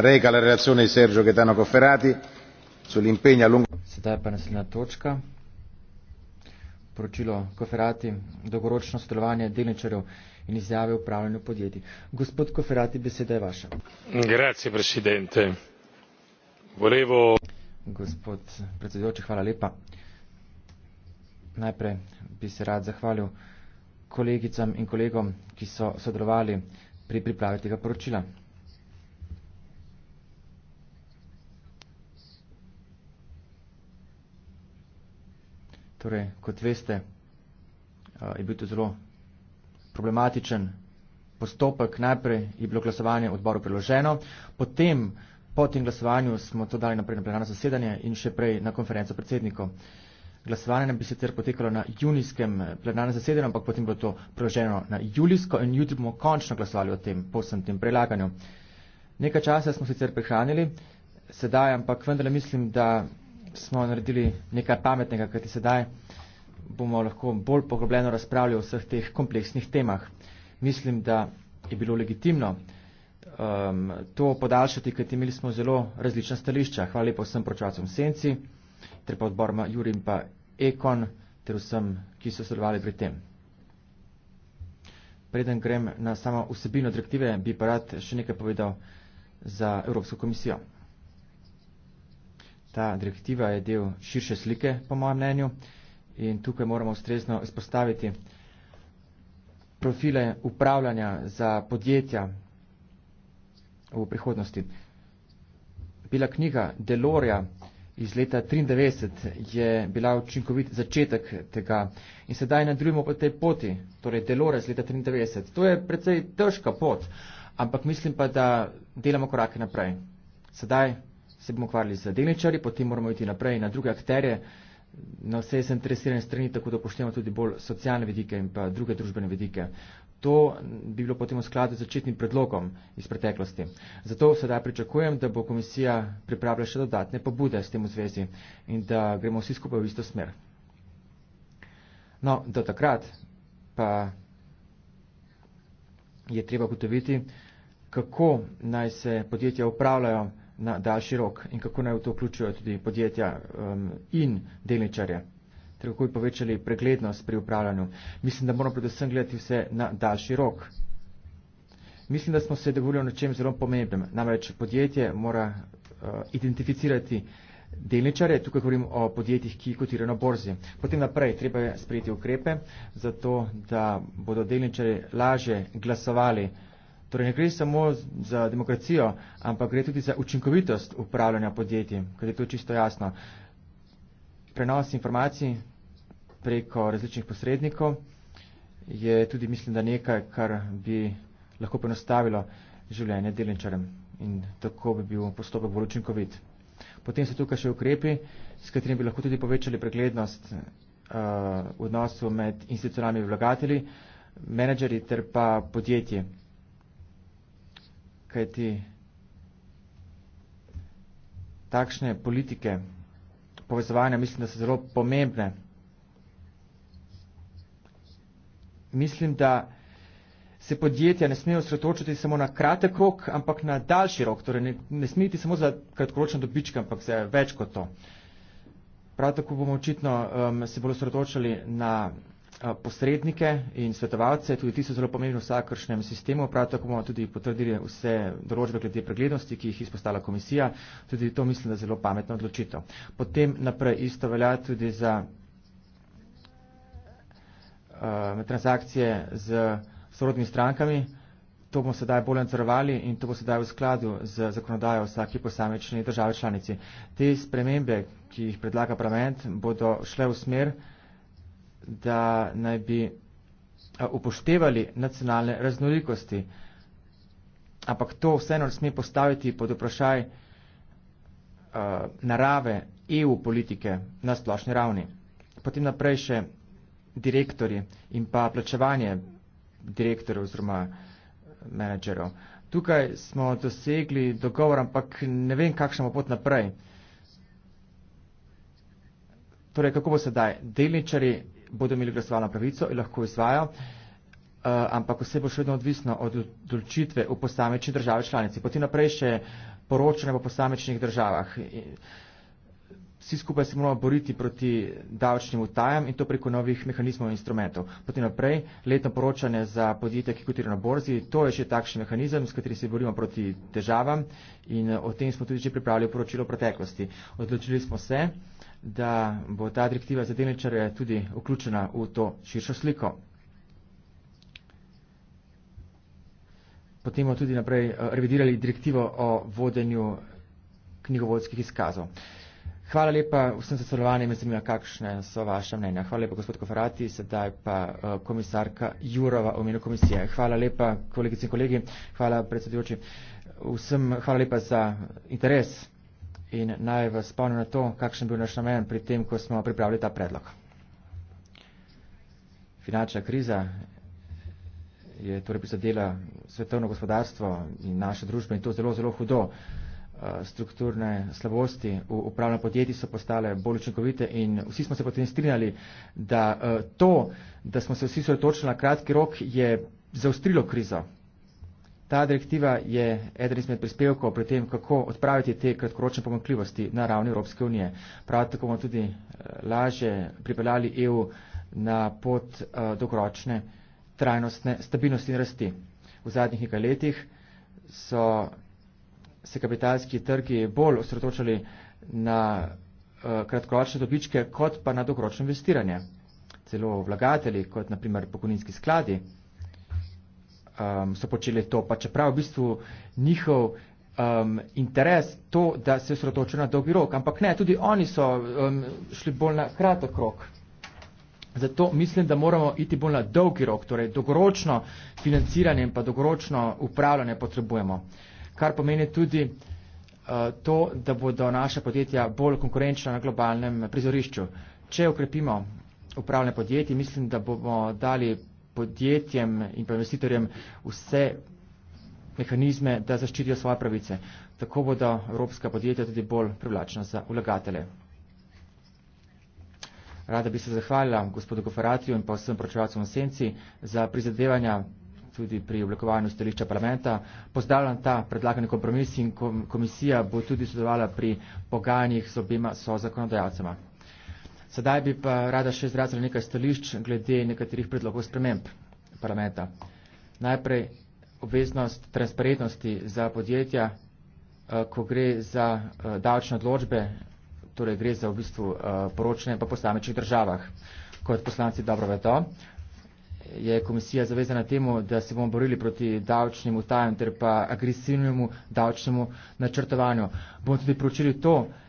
reca la relazione di Sergio Gaetano Cofferati sull'impegno a lungo Sedaj pa naslednja točka. Poročilo Koferati, dolgoročno sodelovanje delničarjev in izjave o upravljanju podjetij. Gospod Koferati, beseda je vaša. Grazie, presidente. Volevo... Gospod predsedujoči, hvala lepa. Najprej bi se rad zahvalil kolegicam in kolegom, ki so sodelovali pri pripravi tega poročila. Torej, kot veste, je bil to zelo problematičen postopek. Najprej je bilo glasovanje v odboru priloženo, potem po tem glasovanju smo to dali naprej na plenarno zasedanje in še prej na konferenco predsednikov. Glasovanje nam bi se ter potekalo na junijskem eh, plenarnem zasedanju, ampak potem bo to priloženo na julijsko in jutri bomo končno glasovali o tem, po vsem tem prelaganju. Nekaj časa smo sicer prihranili, sedaj ampak vendarle mislim, da smo naredili nekaj pametnega, kajti sedaj bomo lahko bolj poglobljeno razpravljali o vseh teh kompleksnih temah. Mislim, da je bilo legitimno um, to podaljšati, kajti imeli smo zelo različna stališča. Hvala lepa vsem pročevalcem Senci, ter pa odborma Jurim pa Ekon, ter vsem, ki so sodelovali pri tem. Preden grem na samo vsebino direktive, bi pa rad še nekaj povedal za Evropsko komisijo. Ta direktiva je del širše slike, po mojem mnenju, in tukaj moramo ustrezno izpostaviti profile upravljanja za podjetja v prihodnosti. Bila knjiga Delorja iz leta 1993 je bila učinkovit začetek tega in sedaj nadaljujemo po tej poti, torej Delore iz leta 1993. To je precej težka pot, ampak mislim pa, da delamo korake naprej. Sedaj se bomo ukvarjali z delničarji, potem moramo iti naprej na druge akterje, na vse zainteresirane strani, tako da upoštevamo tudi bolj socialne vidike in pa druge družbene vidike. To bi bilo potem v skladu z začetnim predlogom iz preteklosti. Zato sedaj pričakujem, da bo komisija pripravila še dodatne pobude s tem v zvezi in da gremo vsi skupaj v isto smer. No, do takrat pa je treba gotoviti, kako naj se podjetja upravljajo na daljši rok in kako naj v to vključijo tudi podjetja um, in delničarje, ter kako bi povečali preglednost pri upravljanju. Mislim, da moramo predvsem gledati vse na daljši rok. Mislim, da smo se dovolili o nečem zelo pomembnem. Namreč podjetje mora uh, identificirati delničarje, tukaj govorim o podjetjih, ki kotirajo na borzi. Potem naprej treba je sprejeti ukrepe, zato da bodo delničarje laže glasovali Torej ne gre samo za demokracijo, ampak gre tudi za učinkovitost upravljanja podjetij, ker je to čisto jasno. Prenos informacij preko različnih posrednikov je tudi, mislim, da nekaj, kar bi lahko ponostavilo življenje delničarem in tako bi bil postopek bolj učinkovit. Potem so tukaj še ukrepi, s katerimi bi lahko tudi povečali preglednost uh, v odnosu med institucionalnimi vlagatelji, menedžeri ter pa podjetji kajti takšne politike povezovanja mislim, da so zelo pomembne. Mislim, da se podjetja ne smejo sretočiti samo na kratek rok, ampak na daljši rok. Torej ne, ne smeti samo za kratkoročne dobičke, ampak za več kot to. Prav tako bomo očitno um, se bolj sretočili na posrednike in svetovalce, tudi ti so zelo pomembni v vsakršnem sistemu, prav tako bomo tudi potrdili vse določbe glede preglednosti, ki jih izpostavlja komisija, tudi to mislim, da je zelo pametno odločitev. Potem naprej isto velja tudi za uh, transakcije z sorodnimi strankami, to bomo sedaj bolj nadzorovali in to bo sedaj v skladu z zakonodajo vsake posamečne države članici. Te spremembe, ki jih predlaga parlament, bodo šle v smer, da naj bi upoštevali nacionalne raznolikosti. Ampak to vseeno sme postaviti pod vprašaj uh, narave EU politike na splošni ravni. Potem naprej še direktori in pa plačevanje direktorjev oziroma menedžerov. Tukaj smo dosegli dogovor, ampak ne vem, kakšna bo pot naprej. Torej, kako bo sedaj? Delničari bodo imeli glasovalno pravico in lahko izvajo, eh, ampak vse bo še vedno odvisno od odločitve v posamečni državi članici. Potem naprej še poročanje po posamečnih državah. Vsi skupaj se moramo boriti proti davčnim utajam in to preko novih mehanizmov in instrumentov. Potem naprej, letno poročanje za podjetja, ki kotirajo na borzi, to je že takšen mehanizem, s katerim se borimo proti težavam in o tem smo tudi že pripravili poročilo v preteklosti. Odločili smo se, uh, da bo ta direktiva za delničarje tudi vključena v to širšo sliko. Potem bomo tudi naprej eh, revidirali direktivo o vodenju knjigovodskih izkazov. Hvala lepa vsem za sodelovanje, me zanima, kakšne so vaše mnenja. Hvala lepa, gospod Kofarati, sedaj pa eh, komisarka Jurova v imenu komisije. Hvala lepa, kolegice in kolegi, hvala predsedujoči. Vsem hvala lepa za interes in naj vas spomnim na to, kakšen bil naš namen pri tem, ko smo pripravili ta predlog. Finančna kriza je torej prizadela svetovno gospodarstvo in naše družbe in to zelo, zelo hudo. Eh, strukturne slabosti v upravljanju podjetij so postale bolj učinkovite in vsi smo se potem strinjali, da eh, to, da smo se vsi soočili na kratki rok, je zaustrilo krizo. Ta direktiva je eden izmed prispevkov pri tem, kako odpraviti te kratkoročne pomankljivosti na ravni Evropske unije. Prav tako bomo tudi eh, laže pripeljali EU na pot eh, dolgoročne trajnostne stabilnosti in rasti. V zadnjih nekaj letih so se kapitalski trgi bolj osredotočali na eh, kratkoročne dobičke kot pa na dolgoročno investiranje. Celo vlagatelji, kot naprimer pokojninski skladi, um, so počeli to, pa čeprav v bistvu njihov um, interes to, da se osredotočijo na dolgi rok. Ampak ne, tudi oni so um, šli bolj na kratek rok. Zato mislim, da moramo iti bolj na dolgi rok, torej dolgoročno financiranje in pa dolgoročno upravljanje potrebujemo. Kar pomeni tudi uh, to, da bodo naše podjetja bolj konkurenčna na globalnem prizorišču. Če ukrepimo upravljanje podjetij, mislim, da bomo dali podjetjem in pa investitorjem vse mehanizme, da zaščitijo svoje pravice. Tako bodo evropska podjetja tudi bolj privlačna za vlagatele. Rada bi se zahvalila gospodu Goferatiju in pa vsem pročevalcem v Senci za prizadevanja tudi pri oblikovanju stališča parlamenta. Pozdravljam ta predlagani kompromis in komisija bo tudi sodelovala pri pogajanjih z obima sozakonodajalcema. Sedaj bi pa rada še izrazila nekaj stališč glede nekaterih predlogov sprememb parlamenta. Najprej obveznost transparentnosti za podjetja, eh, ko gre za eh, davčne odločbe, torej gre za v bistvu eh, poročanje po posamečnih državah. Kot poslanci dobro vedo, je komisija zavezana temu, da se bomo borili proti davčnim utajem ter pa agresivnemu davčnemu načrtovanju. Bomo tudi pročili to, da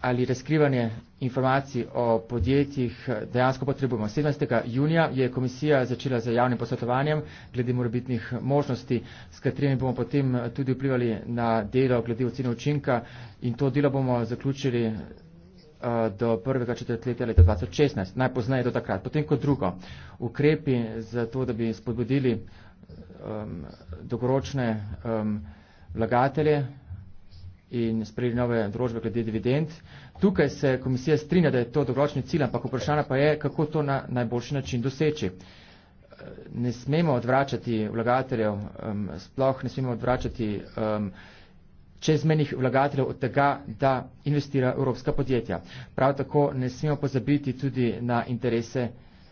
ali razkrivanje informacij o podjetjih dejansko potrebujemo. 17. junija je komisija začela z javnim posvetovanjem glede morbitnih možnosti, s katerimi bomo potem tudi vplivali na delo glede ocene učinka in to delo bomo zaključili eh, do prvega četrtletja leta 2016, najpoznaje do takrat. Potem kot drugo, ukrepi za to, da bi spodbudili um, ehm, dogoročne um, ehm, vlagatelje in sprejeli nove odrožbe glede dividend. Tukaj se komisija strinja, da je to dolgoročni cilj, ampak vprašanje pa je, kako to na najboljši način doseči. Eh, ne smemo odvračati vlagateljev, um, sploh ne smemo odvračati um, čezmenih vlagateljev od tega, da investira evropska podjetja. Prav tako ne smemo pozabiti tudi na interese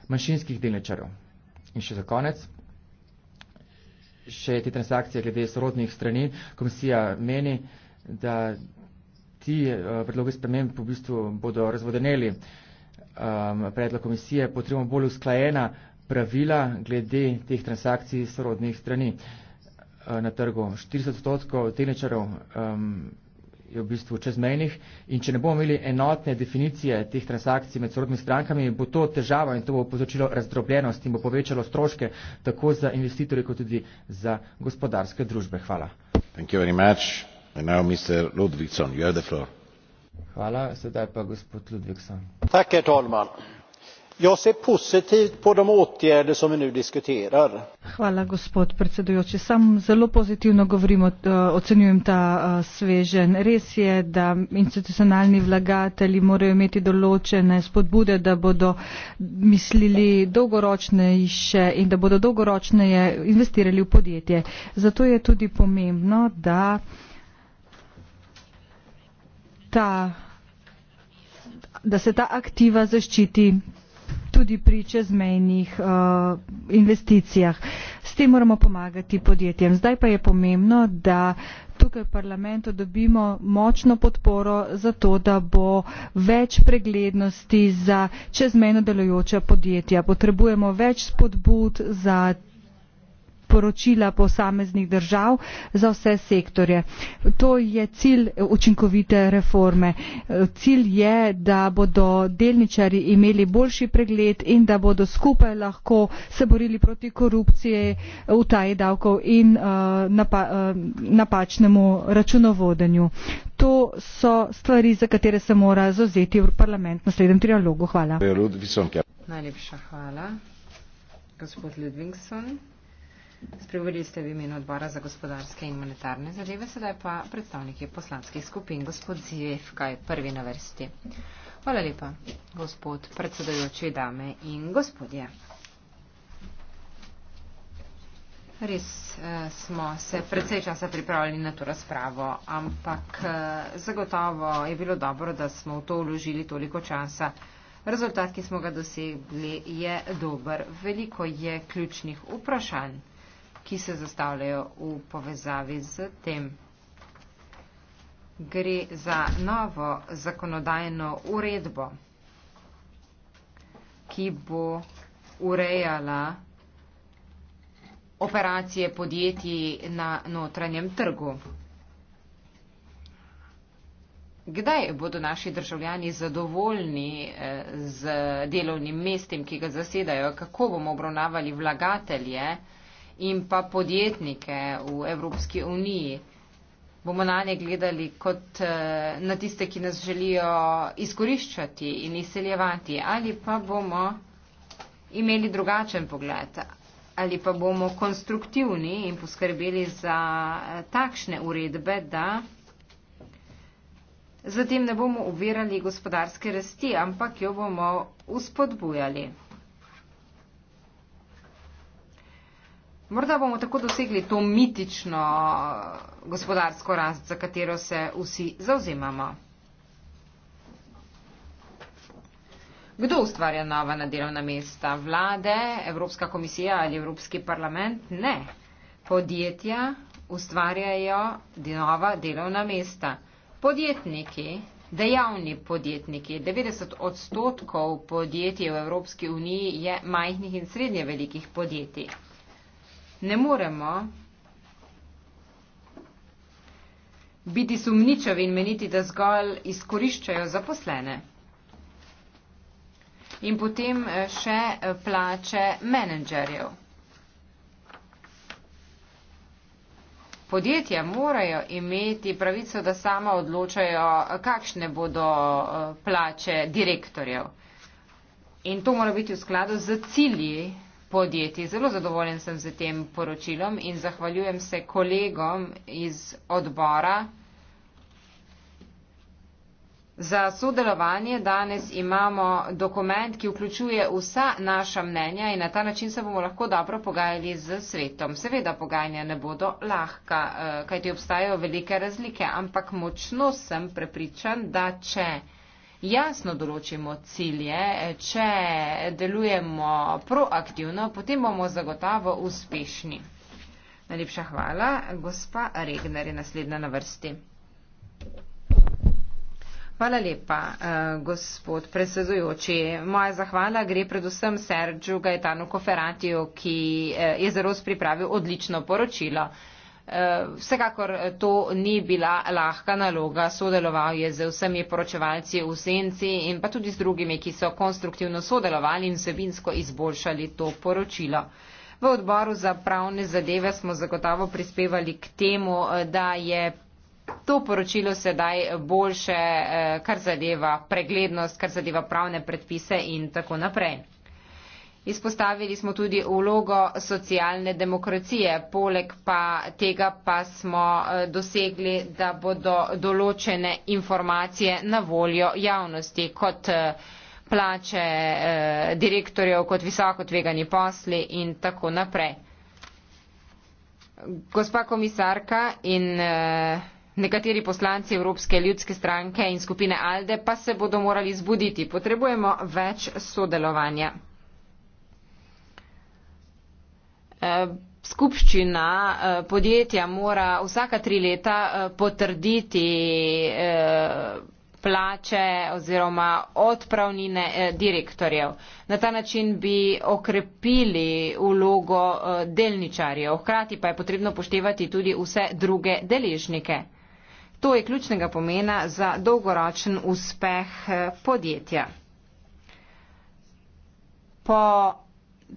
manjšinskih delničarjev. In še za konec, še te transakcije glede sorodnih strani. Komisija meni, da ti uh, predlogi sprememb v bistvu bodo razvodeneli. Um, predlog komisije potrebujemo bolj usklajena pravila glede teh transakcij sorodnih strani uh, na trgu. 40 odstotkov teničarov um, ehm, je v bistvu čezmejnih in če ne bomo imeli enotne definicije teh transakcij med sorodnimi strankami, bo to težava in to bo povzročilo razdrobljenost in bo povečalo stroške tako za investitorje kot tudi za gospodarske družbe. Hvala. Thank you very much herr talman! jag ser positivt på de åtgärder som vi nu diskuterar. hvala gospod predsedujoči sam zelo pozitivno govorim ocenjujem ta sveženj. res je da institucionalni vlagatelji morajo imeti določene spodbude da bodo mislili dolgoročnejše in da bodo dolgoročneje investirali v podjetje. zato je tudi pomembno da ta, da se ta aktiva zaščiti tudi pri čezmejnih uh, investicijah. S tem moramo pomagati podjetjem. Zdaj pa je pomembno, da tukaj v parlamentu dobimo močno podporo za to, da bo več preglednosti za čezmejno delujoča podjetja. Potrebujemo več spodbud za poročila posameznih držav za vse sektorje. To je cilj učinkovite reforme. Cilj je, da bodo delničari imeli boljši pregled in da bodo skupaj lahko se borili proti korupciji, utaji davkov in eh, napa, eh, napačnemu računovodenju. To so stvari, za katere se mora zauzeti parlament na naslednjem trialogu. Hvala. Najlepša hvala. Gospod Ludvigson. Spremenili ste v imenu odbora za gospodarske in monetarne zadeve, sedaj pa predstavniki poslanskih skupin, gospod Zijev, kaj je prvi na vrsti. Hvala lepa, gospod predsedojoči dame in gospodje. Res eh, smo se predvsej časa pripravili na to razpravo, ampak eh, zagotovo je bilo dobro, da smo v to vložili toliko časa. Rezultat, ki smo ga dosegli, je dober. Veliko je ključnih vprašanj ki se zastavljajo v povezavi z tem. Gre za novo zakonodajno uredbo, ki bo urejala operacije podjetij na notranjem trgu. Kdaj bodo naši državljani zadovoljni eh, z delovnim mestom, ki ga zasedajo, kako bomo obravnavali vlagatelje, in pa podjetnike v Evropski uniji. Bomo na nje gledali kot eh, na tiste, ki nas želijo izkoriščati in izseljevati, ali pa bomo imeli drugačen pogled, ali pa bomo konstruktivni in poskrbeli za eh, takšne uredbe, da zatem ne bomo uverali gospodarske rasti, ampak jo bomo uspodbujali. Morda bomo tako dosegli to mitično eh, gospodarsko rast, za katero se vsi zauzemamo. Kdo ustvarja nova na delovna mesta? Vlade, Evropska komisija ali Evropski parlament? Ne. Podjetja ustvarjajo nova delovna mesta. Podjetniki, dejavni podjetniki, 90 odstotkov podjetij v Evropski uniji je majhnih in srednje velikih podjetij ne moremo biti sumničavi in meniti, da zgolj izkoriščajo zaposlene. In potem eh, še eh, plače menedžerjev. Podjetja morajo imeti pravico, da sama odločajo, eh, kakšne bodo plače direktorjev. In to mora biti v skladu z cilji podjetij. Zelo zadovoljen sem z tem poročilom in zahvaljujem se kolegom iz odbora. Za sodelovanje danes imamo dokument, ki vključuje vsa naša mnenja in na ta način se bomo lahko dobro pogajali z svetom. Seveda pogajanja ne bodo lahka, eh, kajti obstajajo velike razlike, ampak močno sem prepričan, da če jasno določimo cilje, če delujemo proaktivno, potem bomo zagotovo uspešni. Najlepša hvala. Gospa Regner je naslednja na vrsti. Hvala lepa, eh, gospod predsedujoči. Moja zahvala gre predvsem Serđu Gajetanu Koferatiju, ki eh, je za Ros pripravil odlično poročilo. Eh, vsekakor to ni bila lahka naloga, sodeloval je z vsemi poročevalci v senci in pa tudi z drugimi, ki so konstruktivno sodelovali in vsebinsko izboljšali to poročilo. V odboru za pravne zadeve smo zagotovo prispevali k temu, eh, da je to poročilo sedaj boljše, eh, kar zadeva preglednost, kar zadeva pravne predpise in tako naprej. Izpostavili smo tudi vlogo socialne demokracije, poleg pa tega pa smo eh, dosegli, da bodo določene informacije na voljo javnosti kot eh, plače eh, direktorjev, kot visoko tvegani posli in tako naprej. Gospa komisarka in nekateri poslanci Evropske ljudske stranke in skupine Alde pa se bodo morali zbuditi. Potrebujemo več sodelovanja. Eh, skupščina eh, podjetja mora vsaka tri leta eh, potrditi plače oziroma odpravnine direktorjev. Na ta način bi okrepili vlogo delničarjev. Hkrati pa je potrebno poštevati tudi vse druge deležnike. To je ključnega pomena za dolgoročen uspeh podjetja. Po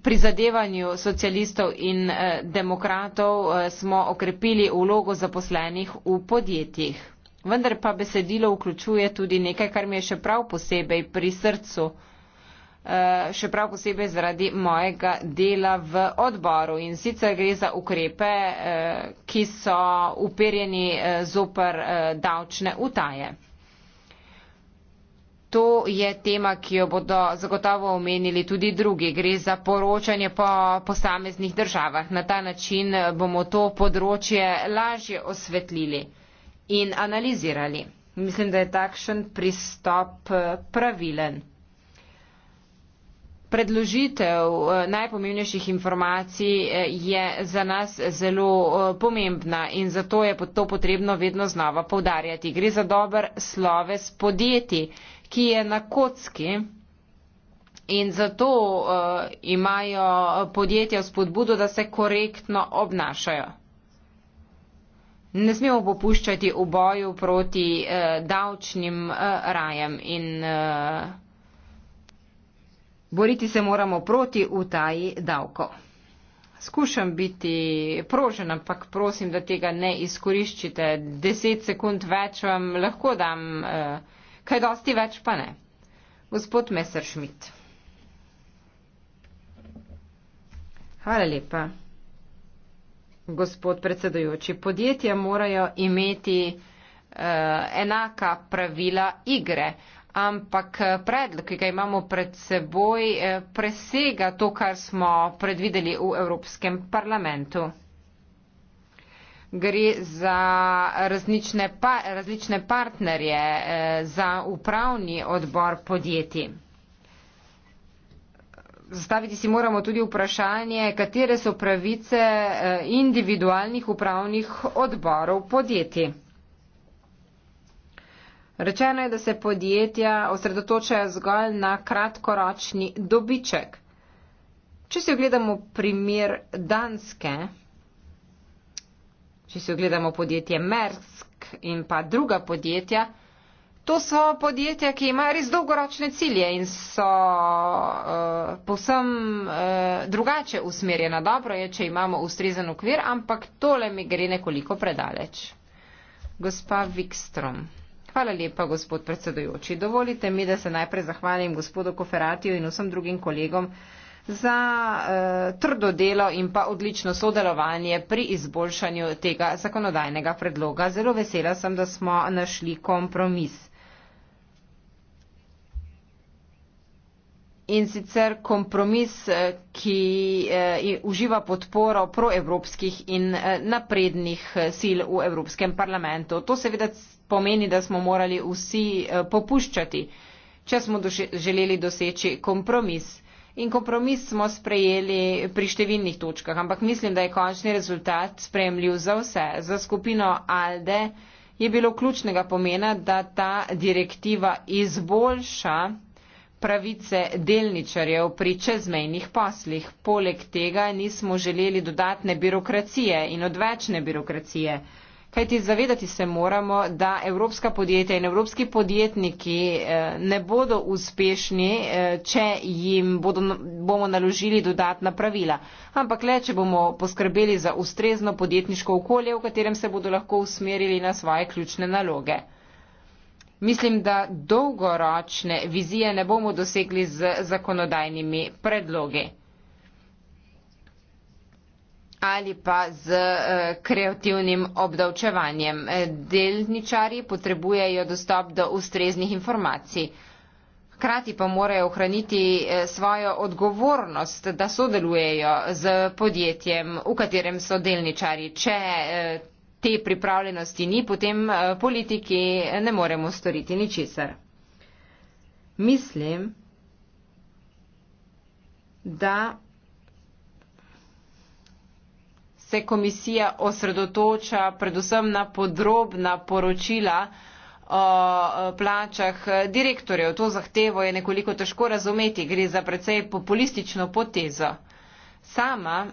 prizadevanju socialistov in eh, demokratov eh, smo okrepili vlogo zaposlenih v podjetjih vendar pa besedilo vključuje tudi nekaj kar mi je še prav posebej pri srcu eh, še prav posebej zaradi mojega dela v odboru in sicer gre za ukrepe ki so uperjeni zoper davčne utaje. To je tema, ki jo bodo zagotovo omenili tudi drugi. Gre za poročanje po posameznih državah. Na ta način bomo to področje lažje osvetlili in analizirali. Mislim, da je takšen pristop eh, pravilen. Predložitev eh, najpomembnejših informacij eh, je za nas zelo pomembna in zato je to potrebno vedno znova povdarjati. Gre za dober sloves podjetij ki je na kocki. In zato uh, imajo podjetja spodbudo, da se korektno obnašajo. Ne smemo popuščati v boju proti uh, davčnim uh, rajem in uh, boriti se moramo proti utaji davkov. Skušam biti prožen, ampak prosim, da tega ne izkoriščite. Deset sekund več vam lahko dam. Uh, kaj dosti več pa ne. Gospod Messerschmidt. Hvala lepa. Gospod predsedujoči, podjetja morajo imeti uh, enaka pravila igre, ampak eh, predlog, ki ga imamo pred seboj, uh, presega to, kar smo predvideli v Evropskem parlamentu gre za različne, pa, različne partnerje, eh, za upravni odbor podjetij. Zastaviti si moramo tudi vprašanje, katere so pravice eh, individualnih upravnih odborov podjetij. Rečeno je, da se podjetja osredotočajo zgolj na kratkoročni dobiček. Če si ogledamo primer Danske, če si ogledamo podjetje Mersk in pa druga podjetja, to so podjetja, ki imajo res dolgoročne cilje in so uh, povsem uh, drugače usmerjena. Dobro je, če imamo ustrezen okvir, ampak tole mi gre nekoliko predaleč. Gospa Vikstrom. Hvala lepa, gospod predsedujoči. Dovolite mi, da se najprej zahvalim gospodu Koferatiju in vsem drugim kolegom, za uh, trdo delo in pa odlično sodelovanje pri izboljšanju tega zakonodajnega predloga. Zelo vesela sem, da smo našli kompromis. In sicer kompromis, eh, ki eh, uživa podporo proevropskih in naprednih sil v Evropskem parlamentu. To seveda pomeni, da smo morali vsi popuščati, če smo želeli doseči kompromis in kompromis smo sprejeli pri številnih točkah, ampak mislim, da je končni rezultat spremljiv za vse. Za skupino ALDE je bilo ključnega pomena, da ta direktiva izboljša pravice delničarjev pri čezmejnih poslih. Poleg tega nismo želeli dodatne birokracije in odvečne birokracije kajti zavedati se moramo, da evropska podjetja in evropski podjetniki eh, ne bodo uspešni, eh, če jim bodo, bomo naložili dodatna pravila, ampak le, če bomo poskrbeli za ustrezno podjetniško okolje, v katerem se bodo lahko usmerili na svoje ključne naloge. Mislim, da dolgoročne vizije ne bomo dosegli z zakonodajnimi predlogi ali pa z eh, kreativnim obdavčevanjem. Eh, delničari potrebujejo dostop do ustreznih informacij. Hkrati pa morajo ohraniti eh, svojo odgovornost, da sodelujejo z podjetjem, v katerem so delničari. Če te pripravljenosti ni, potem politiki ne moremo storiti ničesar. Mislim, da se komisija osredotoča predvsem na podrobna poročila o plačah direktorjev. To zahtevo je nekoliko težko razumeti, gre za precej populistično potezo. Sama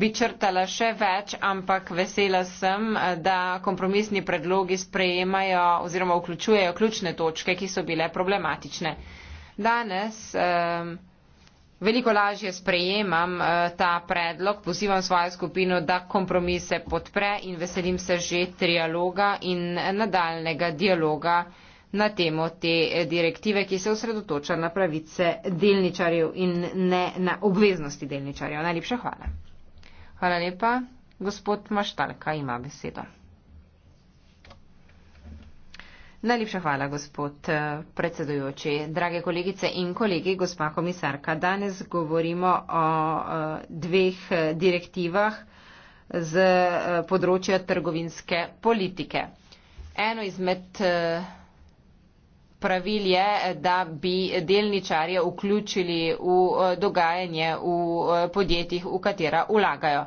bi črtala še več, ampak vesela sem, da kompromisni predlogi sprejemajo oziroma vključujejo ključne točke, ki so bile problematične. Danes eh, veliko lažje sprejemam eh, ta predlog, pozivam svojo skupino, da kompromise podpre in veselim se že trialoga in nadaljnega dialoga na temo te eh, direktive, ki se osredotoča na pravice delničarjev in ne na obveznosti delničarjev. Najlepša hvala. Hvala lepa. Gospod Maštalka ima besedo. Najlepša hvala, gospod eh, predsedujoči. Drage kolegice in kolegi, gospa komisarka, danes govorimo o eh, dveh eh, direktivah z področja trgovinske politike. Eno izmed pravil je, da bi delničarje vključili v dogajanje v podjetjih, v katera ulagajo.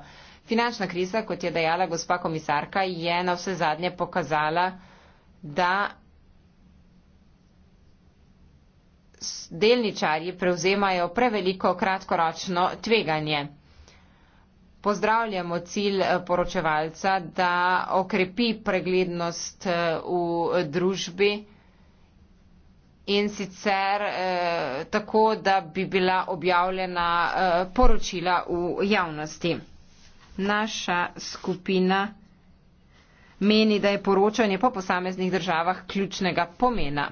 Finančna kriza, kot je dejala gospa komisarka, je na vse zadnje pokazala, da delničarji prevzemajo preveliko kratkoročno tveganje. Pozdravljamo cilj eh, poročevalca, da okrepi preglednost eh, v družbi in sicer eh, tako, da bi bila objavljena poročila v javnosti. Naša skupina meni, da je poročanje po posameznih državah ključnega pomena.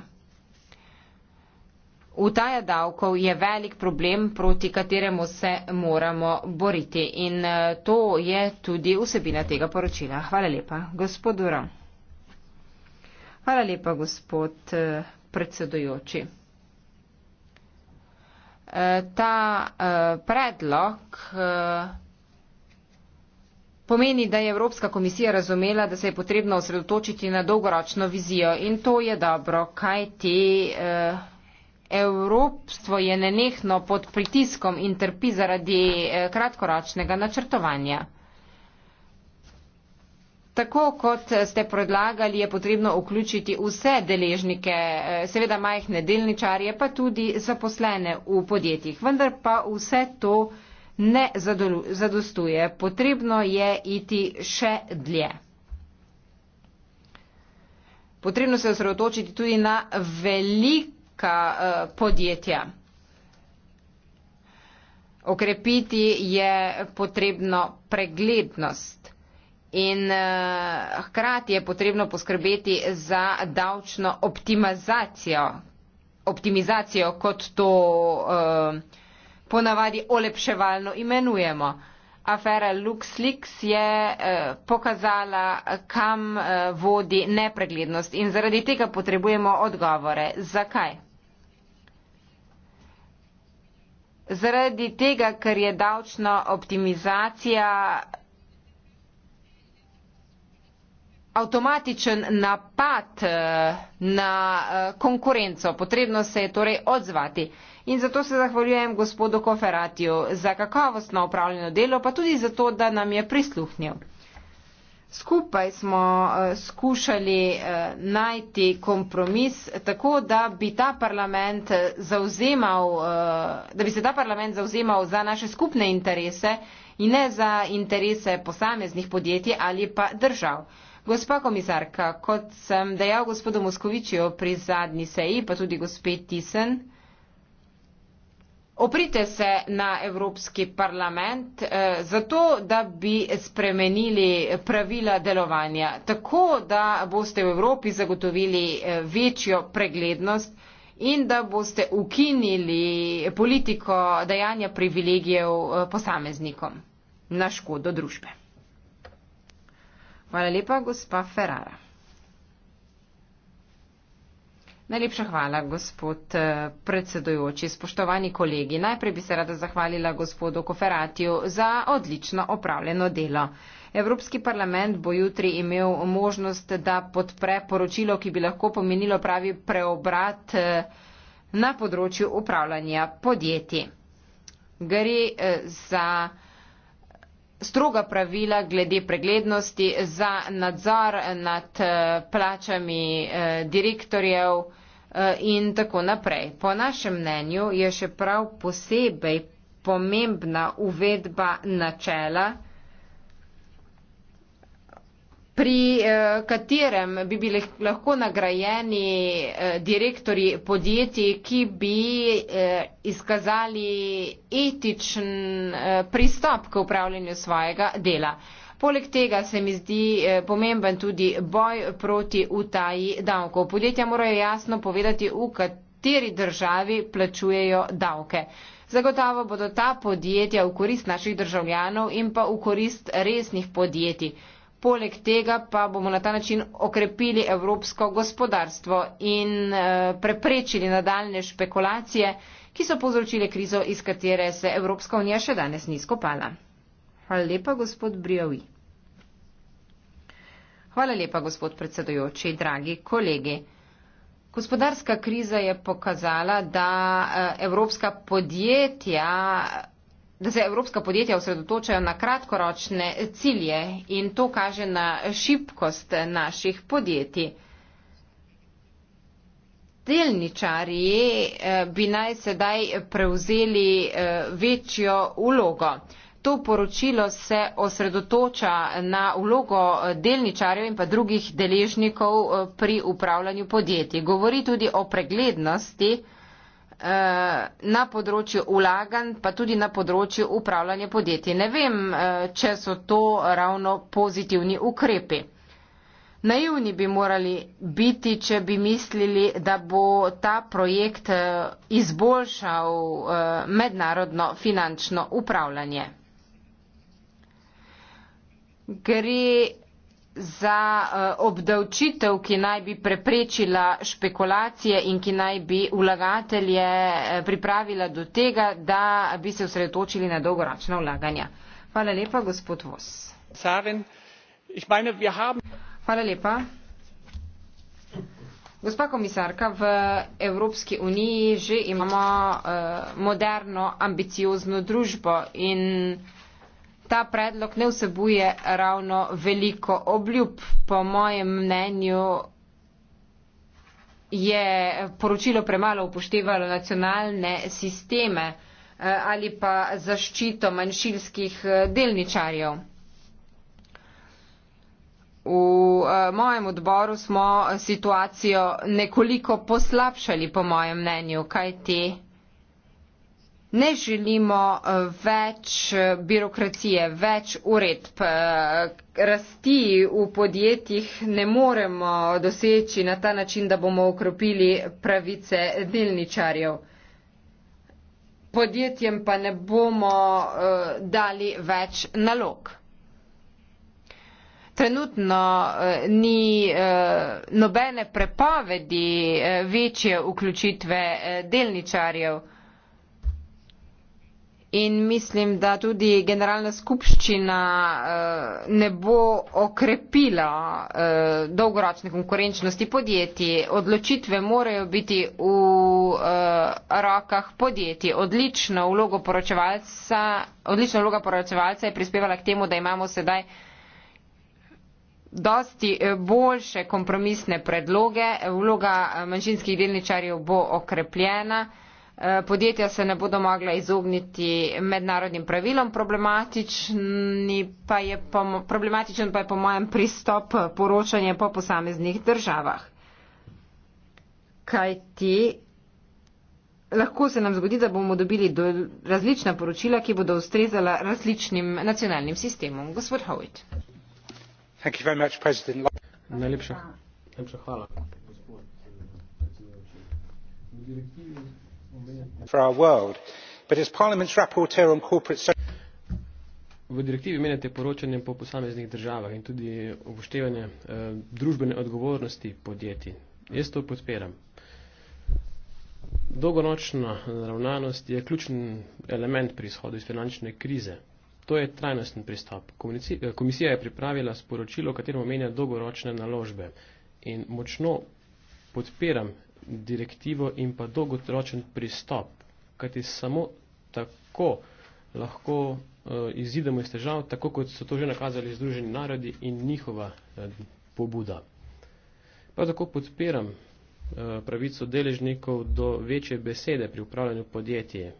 Utaja davkov je velik problem, proti kateremu se moramo boriti. In eh, to je tudi vsebina tega poročila. Hvala lepa, gospod Ura. Hvala lepa, gospod eh, predsedojoči. Eh, ta predlog pomeni, da je Evropska komisija razumela, da se je potrebno osredotočiti na dolgoročno vizijo. In to je dobro, kaj ti Evropstvo je nenehno pod pritiskom in trpi zaradi eh, kratkoročnega načrtovanja. Tako kot ste predlagali, je potrebno vključiti vse deležnike, eh, seveda majhne delničarje, pa tudi zaposlene v podjetjih. Vendar pa vse to ne zadostuje. Potrebno je iti še dlje. Potrebno se osredotočiti tudi na velik velika eh, podjetja. Okrepiti je potrebno preglednost in eh, hkrati je potrebno poskrbeti za davčno optimizacijo, optimizacijo kot to eh, ponavadi olepševalno imenujemo afera LuxLeaks je eh, pokazala, kam eh, vodi nepreglednost in zaradi tega potrebujemo odgovore. Zakaj? Zaradi tega, ker je davčna optimizacija avtomatičen napad eh, na konkurenco. Potrebno se je torej odzvati in zato se zahvaljujem gospodu Koferatiju za kakovostno upravljeno delo, pa tudi zato, da nam je prisluhnil. Skupaj smo eh, skušali eh, najti kompromis tako, da bi, eh, zauzemal, da bi se ta parlament zauzemal za naše skupne interese in ne za interese posameznih podjetij ali pa držav. Gospa komisarka, kot sem dejal gospodu Moskovičijo pri zadnji seji, pa tudi gospe Tisen, Oprite se na Evropski parlament eh, zato, da bi spremenili pravila delovanja, tako da boste v Evropi zagotovili eh, večjo preglednost in da boste ukinili politiko dajanja privilegijev eh, posameznikom na škodo družbe. Hvala lepa, gospa Ferrara. Najlepša hvala, gospod eh, predsedujoči. Spoštovani kolegi, najprej bi se rada zahvalila gospodu Koferatiju za odlično opravljeno delo. Evropski parlament bo jutri imel možnost, da podpre poročilo, ki bi lahko pomenilo pravi preobrat eh, na področju upravljanja podjetij. Gre eh, za stroga pravila glede preglednosti za nadzor nad eh, plačami eh, direktorjev eh, in tako naprej. Po našem mnenju je še prav posebej pomembna uvedba načela, pri eh, katerem bi bili lahko nagrajeni eh, direktori podjetij, ki bi eh, izkazali etičen pristop k upravljanju svojega dela. Poleg tega se mi zdi pomemben tudi boj proti utaji davkov. Podjetja morajo jasno povedati, v kateri državi plačujejo davke. Zagotovo bodo ta podjetja v korist naših državljanov in pa v korist resnih podjetij poleg tega pa bomo na ta način okrepili evropsko gospodarstvo in eh, preprečili nadaljne špekulacije, ki so povzročile krizo, iz katere se Evropska unija še danes ni skopala. Hvala lepa, gospod Briovi. Hvala lepa, gospod predsedujoči, dragi kolegi. Gospodarska kriza je pokazala, da eh, evropska podjetja da se evropska podjetja osredotočajo na kratkoročne cilje in to kaže na šibkost naših podjetij. Delničarji eh, bi naj sedaj prevzeli eh, večjo ulogo. To poročilo se osredotoča na ulogo eh, delničarjev in pa drugih deležnikov pri upravljanju podjetij. Govori tudi o preglednosti Eh, na področju ulaganj, pa tudi na področju upravljanja podjetij. Ne vem, eh, če so to ravno pozitivni ukrepi. Naivni bi morali biti, če bi mislili, da bo ta projekt eh, izboljšal mednarodno finančno upravljanje. Gre za eh, obdavčitev, ki naj bi preprečila špekulacije in ki naj bi vlagatelje eh, pripravila do tega, da bi se osredotočili na dolgoročna vlaganja. Hvala lepa, gospod Vos. Hvala lepa. Gospa komisarka, v Evropski uniji že imamo eh, moderno, ambiciozno družbo in ta predlog ne vsebuje ravno veliko obljub. Po mojem mnenju je poročilo premalo upoštevalo nacionalne sisteme eh, ali pa zaščito manjšinskih eh, delničarjev. V eh, mojem odboru smo situacijo nekoliko poslabšali, po mojem mnenju, kaj te ne želimo eh, več eh, birokracije, več uredb, eh, rasti v podjetjih ne moremo doseči na ta način, da bomo ukropili pravice delničarjev. Podjetjem pa ne bomo dali več nalog. Trenutno ni nobene prepovedi večje vključitve delničarjev in mislim, da tudi generalna skupščina eh, ne bo okrepila eh, dolgoročne konkurenčnosti podjetij. Odločitve morajo biti v eh, rokah podjetij. Odlično vlogo poročevalca, odlična vloga poročevalca je prispevala k temu, da imamo sedaj dosti boljše kompromisne predloge. Vloga manjšinskih delničarjev bo okrepljena. Eh, podjetja se ne bodo mogla izogniti mednarodnim pravilom, pa je, problematičen pa je po mojem pristop eh, poročanje po posameznih državah. Kaj ti? Lahko se nam zgodi, da bomo dobili do različna poročila, ki bodo ustrezala različnim nacionalnim sistemom. Gospod Howitt. Najlepša hvala. Gospod, for our world. But as Parliament's rapporteur on corporate social V direktivi menjate poročanje po posameznih državah in tudi obuštevanje eh, družbene odgovornosti podjetij. Jaz to podpiram. Dolgoročna ravnanost je ključen element pri izhodu iz finančne krize. To je trajnostni pristop. Eh, komisija je pripravila sporočilo, katero menja dolgoročne naložbe. In močno podpiram direktivo in pa dolgotročen pristop, kajti samo tako lahko uh, izidemo iz težav, tako kot so to že nakazali Združeni narodi in njihova uh, pobuda. Pa tako podpiram uh, pravico deležnikov do večje besede pri upravljanju podjetje.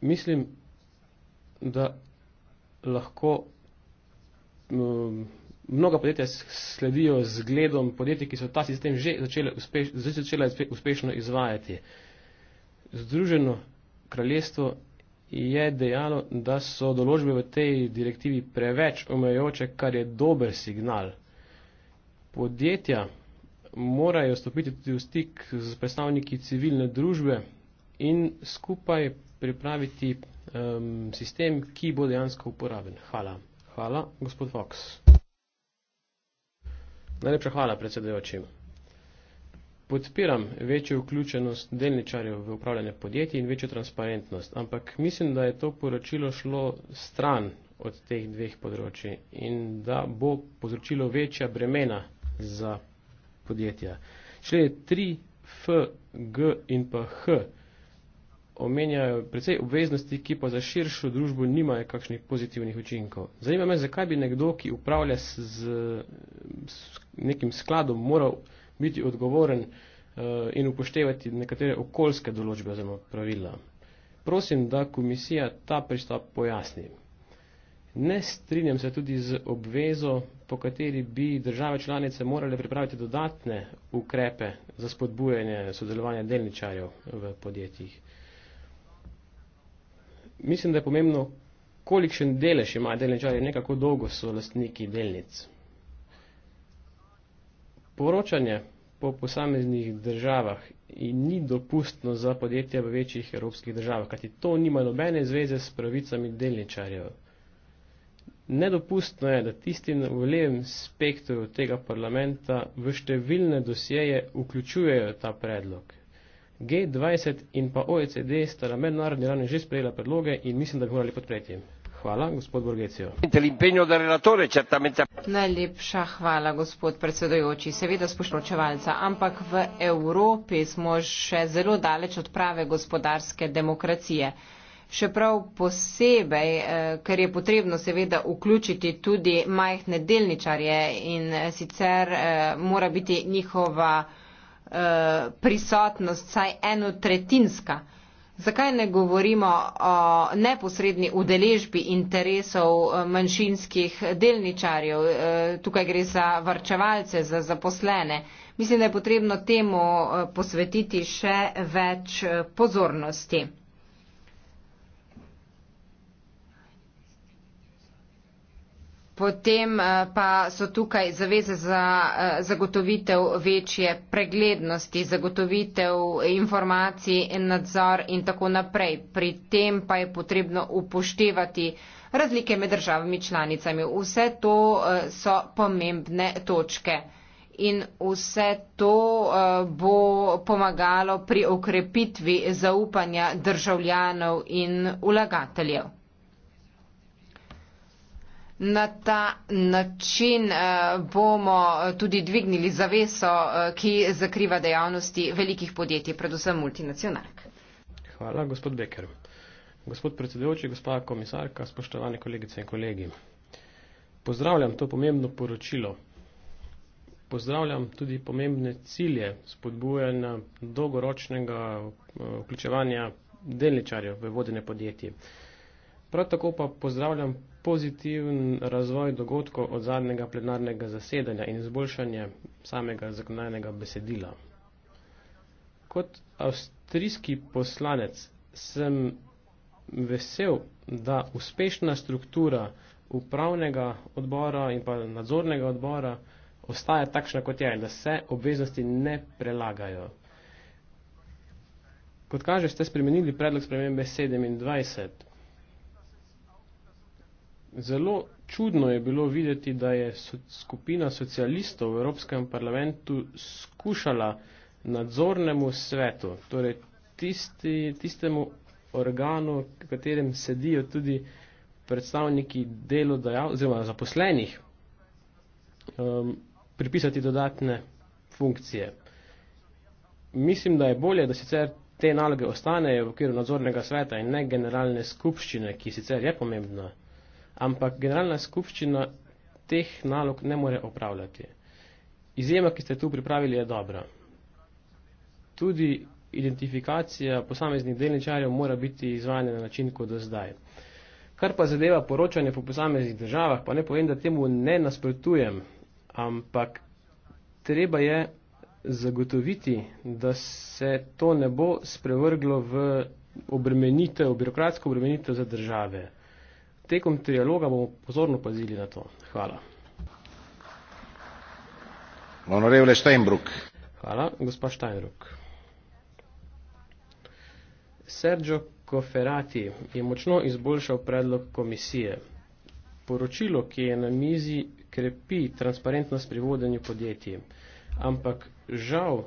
Mislim, da lahko um, mnoga podjetja sledijo zgledom podjetij, ki so ta sistem že začela uspeš, začele uspešno izvajati. Združeno kraljestvo je dejalo, da so določbe v tej direktivi preveč omejoče, kar je dober signal. Podjetja morajo stopiti tudi v stik z predstavniki civilne družbe in skupaj pripraviti um, sistem, ki bo dejansko uporaben. Hvala. Hvala, gospod Fox. Najlepša hvala, predsedujoči. Podpiram večjo vključenost delničarjev v upravljanje podjetij in večjo transparentnost, ampak mislim, da je to poročilo šlo stran od teh dveh področji in da bo povzročilo večja bremena za podjetja. Člene 3, F, G in pa H omenjajo precej obveznosti, ki pa za širšo družbo nimajo kakšnih pozitivnih učinkov. Zanima me, zakaj bi nekdo, ki upravlja s, s nekim skladom moral biti odgovoren eh, in upoštevati nekatere okoljske določbe oziroma pravila. Prosim, da komisija ta pristop pojasni. Ne strinjam se tudi z obvezo, po kateri bi države članice morale pripraviti dodatne ukrepe za spodbujanje sodelovanja delničarjev v podjetjih. Mislim, da je pomembno, kolikšen delež imajo delničarje, nekako dolgo so lastniki delnic. Poročanje po posameznih državah ni dopustno za podjetja v večjih evropskih državah, kajti to nima nobene zveze s pravicami delničarjev. Nedopustno je, da tisti v levem spektru tega parlamenta v številne dosjeje vključujejo ta predlog. G20 in pa OECD sta na mednarodni ravni že sprejela predloge in mislim, da bi morali podpreti. Hvala, gospod Borgecijo. L'impegno del relatore certamente. Najlepša hvala, gospod predsedojoči. Seveda spoštovalca, ampak v Evropi smo še zelo daleč od prave gospodarske demokracije. Še prav posebej, eh, ker je potrebno seveda vključiti tudi majhne delničarje in eh, sicer eh, mora biti njihova prisotnost vsaj enotretinska. tretinska. Zakaj ne govorimo o neposredni udeležbi interesov eh, manjšinskih delničarjev? Eh, tukaj gre za varčevalce, za zaposlene. Mislim, da je potrebno temu eh, posvetiti še več pozornosti. Potem eh, pa so tukaj zaveze za eh, zagotovitev večje preglednosti, zagotovitev informacij in nadzor in tako naprej. Pri tem pa je potrebno upoštevati razlike med državami članicami. Vse to eh, so pomembne točke in vse to bo pomagalo pri okrepitvi zaupanja državljanov in ulagateljev. Na ta način eh, bomo tudi dvignili zaveso, eh, ki zakriva dejavnosti velikih podjetij, predvsem multinacionalk. Hvala, gospod Becker. Gospod predsedujoči, gospa komisarka, spoštovane kolegice in kolegi. Pozdravljam to pomembno poročilo. Pozdravljam tudi pomembne cilje spodbujanja dolgoročnega eh, vključevanja delničarjev v vodene podjetje. Prav tako pa pozdravljam pozitiven razvoj dogodkov od zadnjega plenarnega zasedanja in izboljšanje samega zakonodajnega besedila. Kot avstrijski poslanec sem vesel, da uspešna struktura upravnega odbora in pa nadzornega odbora ostaja takšna, kot je, da se obveznosti ne prelagajo. Kot kaže, ste spremenili predlog spremembe 27. Zelo čudno je bilo videti, da je skupina socialistov v Evropskem parlamentu skušala nadzornemu svetu, torej tisti, tistemu organu, v katerem sedijo tudi predstavniki delodajal, oziroma zaposlenih, um, pripisati dodatne funkcije. Mislim, da je bolje, da sicer te naloge ostanejo v okviru nadzornega sveta in ne generalne skupščine, ki sicer je pomembna ampak generalna skupščina teh nalog ne more opravljati. Izjema, ki ste tu pripravili, je dobra. Tudi identifikacija posameznih delničarjev mora biti izvajanja na način kot do zdaj. Kar pa zadeva poročanje po posameznih državah, pa ne povem, da temu ne nasprotujem, ampak treba je zagotoviti, da se to ne bo sprevrglo v obremenitev, birokratsko obremenitev za države tekom trialoga bomo pozorno pazili na to. Hvala. Honorevole Steinbruck. Hvala, gospa Steinbruck. Sergio Koferati je močno izboljšal predlog komisije. Poročilo, ki je na mizi, krepi transparentnost pri vodenju podjetij, ampak žal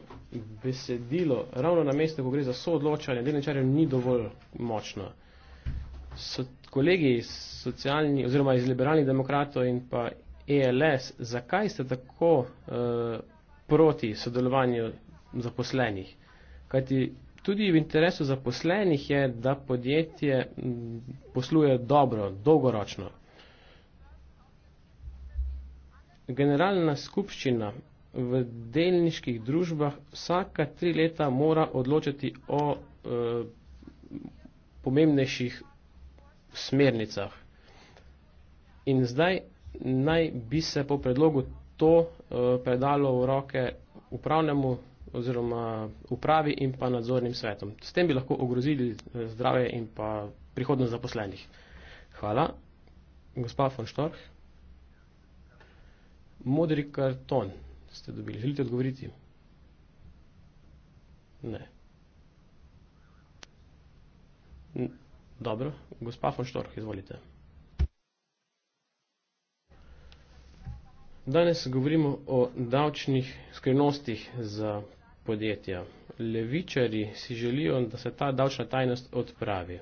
besedilo, ravno na mestu, ko gre za soodločanje, delničarjem ni dovolj močno so kolegi iz socialni oziroma iz liberalnih demokratov in pa ELS, zakaj ste tako eh, proti sodelovanju zaposlenih? Kajti tudi v interesu zaposlenih je, da podjetje posluje dobro, dolgoročno. Generalna skupščina v delniških družbah vsaka tri leta mora odločiti o eh, pomembnejših v smernicah. In zdaj naj bi se po predlogu to eh, predalo v roke upravnemu oziroma upravi in pa nadzornim svetom. S tem bi lahko ogrozili eh, zdravje in pa prihodnost zaposlenih. Hvala. Gospa von Storch. Modri karton ste dobili. Želite odgovoriti? Ne. Dobro, gospa Fonštorh, izvolite. Danes govorimo o davčnih skrivnostih za podjetja. Levičari si želijo, da se ta davčna tajnost odpravi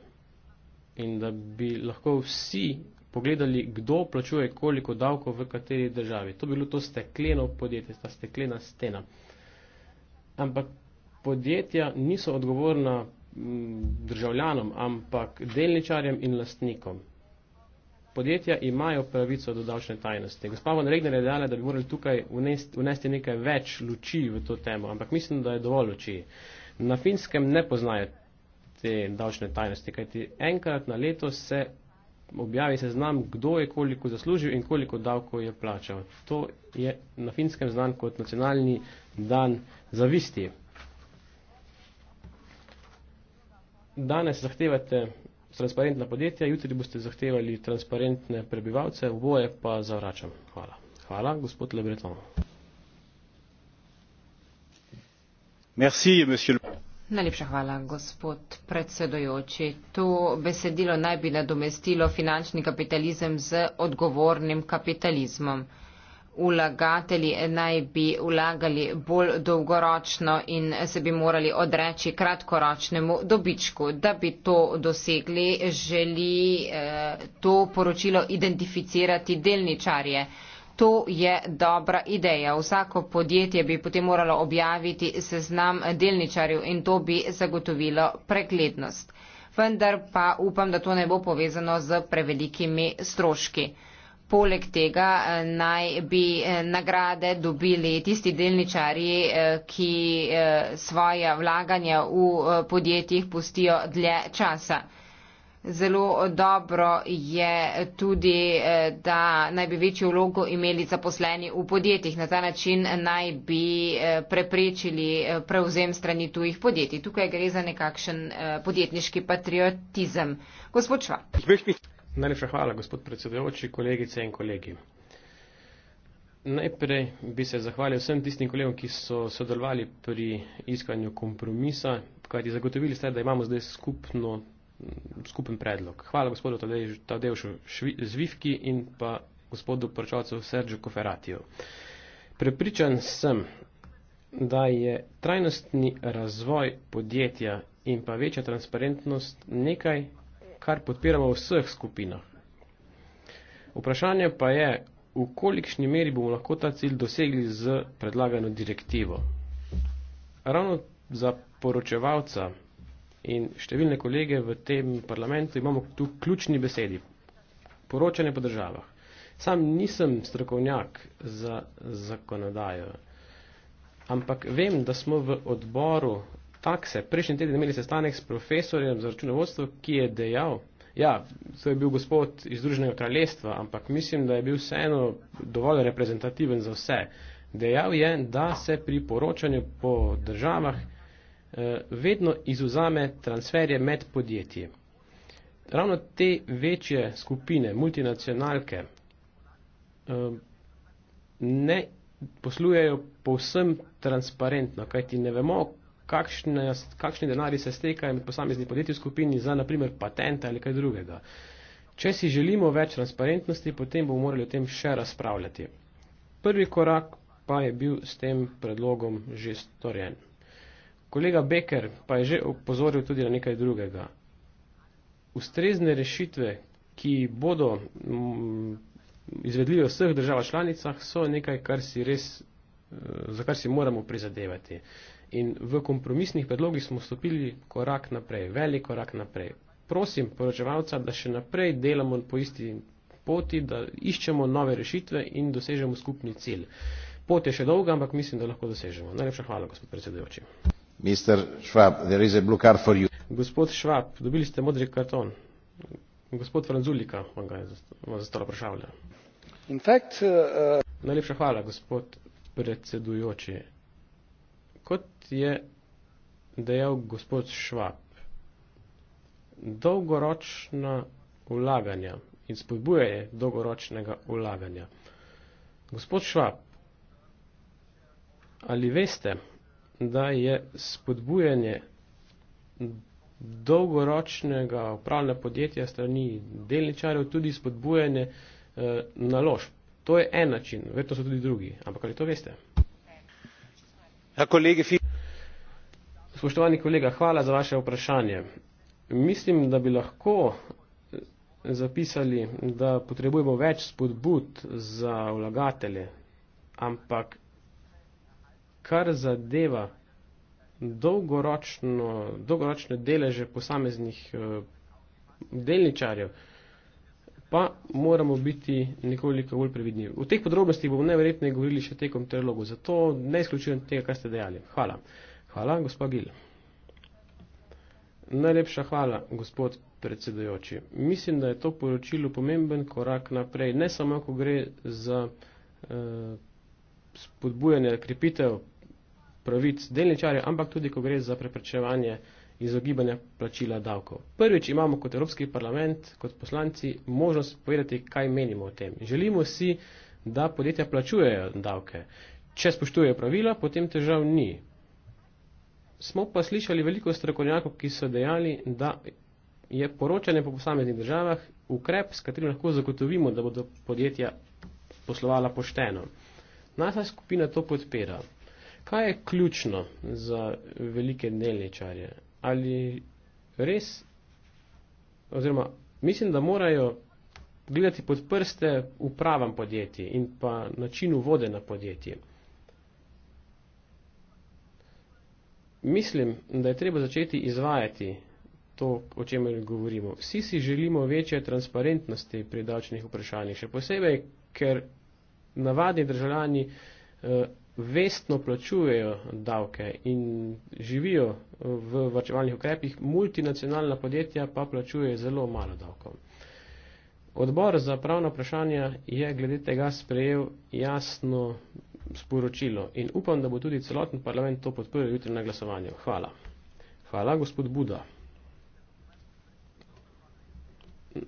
in da bi lahko vsi pogledali, kdo plačuje koliko davkov v kateri državi. To bi bilo to stekleno podjetje, ta steklena stena. Ampak podjetja niso odgovorna državljanom, ampak delničarjem in lastnikom. Podjetja imajo pravico do davčne tajnosti. Gospa von Regner je dejala, da bi morali tukaj unesti, unesti nekaj več luči v to temo, ampak mislim, da je dovolj luči. Na finskem ne poznajo te davčne tajnosti, kajti enkrat na leto se objavi seznam, kdo je koliko zaslužil in koliko davkov je plačal. To je na finskem znan kot nacionalni dan zavisti. danes zahtevate transparentna podjetja, jutri boste zahtevali transparentne prebivalce, oboje pa zavračam. Hvala. Hvala, gospod Lebreton. Merci, Najlepša hvala, gospod predsedojoči. To besedilo naj bi nadomestilo finančni kapitalizem z odgovornim kapitalizmom vlagatelji naj bi vlagali bolj dolgoročno in se bi morali odreči kratkoročnemu dobičku. Da bi to dosegli, želi eh, to poročilo identificirati delničarje. To je dobra ideja. Vsako podjetje bi potem moralo objaviti seznam delničarjev in to bi zagotovilo preglednost. Vendar pa upam, da to ne bo povezano z prevelikimi stroški. Poleg tega eh, naj bi eh, nagrade dobili tisti delničarji, eh, ki svoje vlaganja v podjetjih pustijo dlje časa. Zelo dobro je tudi, da naj bi večjo vlogo imeli zaposleni v podjetjih. Na ta način naj bi preprečili prevzem strani tujih podjetij. Tukaj gre za nekakšen podjetniški patriotizem. Gospod Šva. Najlepša hvala, gospod predsedujoči, kolegice in kolegi. Najprej bi se zahvalil vsem tistim kolegom, ki so sodelovali pri iskanju kompromisa, kajti zagotovili ste, da imamo zdaj skupno, skupen predlog. Hvala gospodu Tadevšu Zvivki in pa gospodu poročalcu Sergio Koferatiju. Prepričan sem, da je trajnostni razvoj podjetja in pa večja transparentnost nekaj, kar podpiramo v vseh skupinah. Vprašanje pa je, v kolikšni meri bomo lahko ta cilj dosegli z predlagano direktivo. Ravno za poročevalca in številne kolege v tem parlamentu imamo tu ključni besedi. Poročanje po državah. Sam nisem strokovnjak za zakonodajo, ampak vem, da smo v odboru fakse. Prejšnji teden imeli sestanek s profesorjem za računovodstvo, ki je dejal, ja, to je bil gospod iz Združenega kraljestva, ampak mislim, da je bil vseeno dovolj reprezentativen za vse. Dejal je, da se pri poročanju po državah eh, vedno izuzame transferje med podjetji. Ravno te večje skupine, multinacionalke, eh, ne poslujejo povsem transparentno, kajti ne vemo, kakšne, kakšni denari se stekajo med posamezni podjetji v skupini za naprimer patent ali kaj drugega. Če si želimo več transparentnosti, potem bomo morali o tem še razpravljati. Prvi korak pa je bil s tem predlogom že storjen. Kolega Becker pa je že upozoril tudi na nekaj drugega. Ustrezne rešitve, ki bodo mm, izvedljive v vseh državah članicah, so nekaj, kar res, eh, za kar si moramo prizadevati. In v kompromisnih predlogih smo stopili korak naprej, velik korak naprej. Prosim poročevalca, da še naprej delamo po isti poti, da iščemo nove rešitve in dosežemo skupni cilj. Pot je še dolga, ampak mislim, da lahko dosežemo. Najlepša hvala, gospod predsedujoči. Schwab, gospod Švab, dobili ste modri karton. Gospod Franzulika vam ga je zastalo vprašavlja. Uh, uh, Najlepša hvala, gospod predsedujoči. Kot je dejal gospod Švab, dolgoročna ulaganja in spodbujanje dolgoročnega ulaganja. Gospod Švab, ali veste, da je spodbujanje dolgoročnega upravljanja podjetja strani delničarjev tudi spodbujanje eh, naložb? To je en način, verjetno so tudi drugi, ampak ali to veste? spoštovani kolega hvala za vaše vprašanje mislim da bi lahko zapisali da potrebujemo več spodbud za vlagatelje ampak kar zadeva dolgoročno dolgoročne deleže posameznih eh, delničarjev pa moramo biti nekoliko bolj previdni. V teh podrobnostih bomo najverjetneje govorili še tekom trilogu, zato ne izključujem tega, kar ste dejali. Hvala. Hvala, gospa Gil. Najlepša hvala, gospod predsedojoči. Mislim, da je to poročilo pomemben korak naprej, ne samo, ko gre za eh, spodbujanje krepitev pravic delničarja, ampak tudi, ko gre za preprečevanje eh, izogibanja plačila davkov. Prvič imamo kot Evropski parlament, kot poslanci, možnost povedati, kaj menimo o tem. Želimo si, da podjetja plačujejo davke. Če spoštujejo pravila, potem težav ni. Smo pa slišali veliko strokovnjakov, ki so dejali, da je poročanje po posameznih državah ukrep, s katerim lahko zagotovimo, da bodo podjetja poslovala pošteno. Naša skupina to podpira. Kaj je ključno za velike delničarje? ali res, oziroma mislim, da morajo gledati pod prste upravam podjetij in pa načinu vode na podjetje. Mislim, da je treba začeti izvajati to, o čemer govorimo. Vsi si želimo večje transparentnosti pri davčnih vprašanjih, še posebej, ker navadni državljani eh, vestno plačujejo davke in živijo v varčevalnih ukrepih, multinacionalna podjetja pa plačujejo zelo malo davkov. Odbor za pravno vprašanje je glede tega sprejel jasno sporočilo in upam, da bo tudi celoten parlament to podprl jutri na glasovanju. Hvala. Hvala, gospod Buda.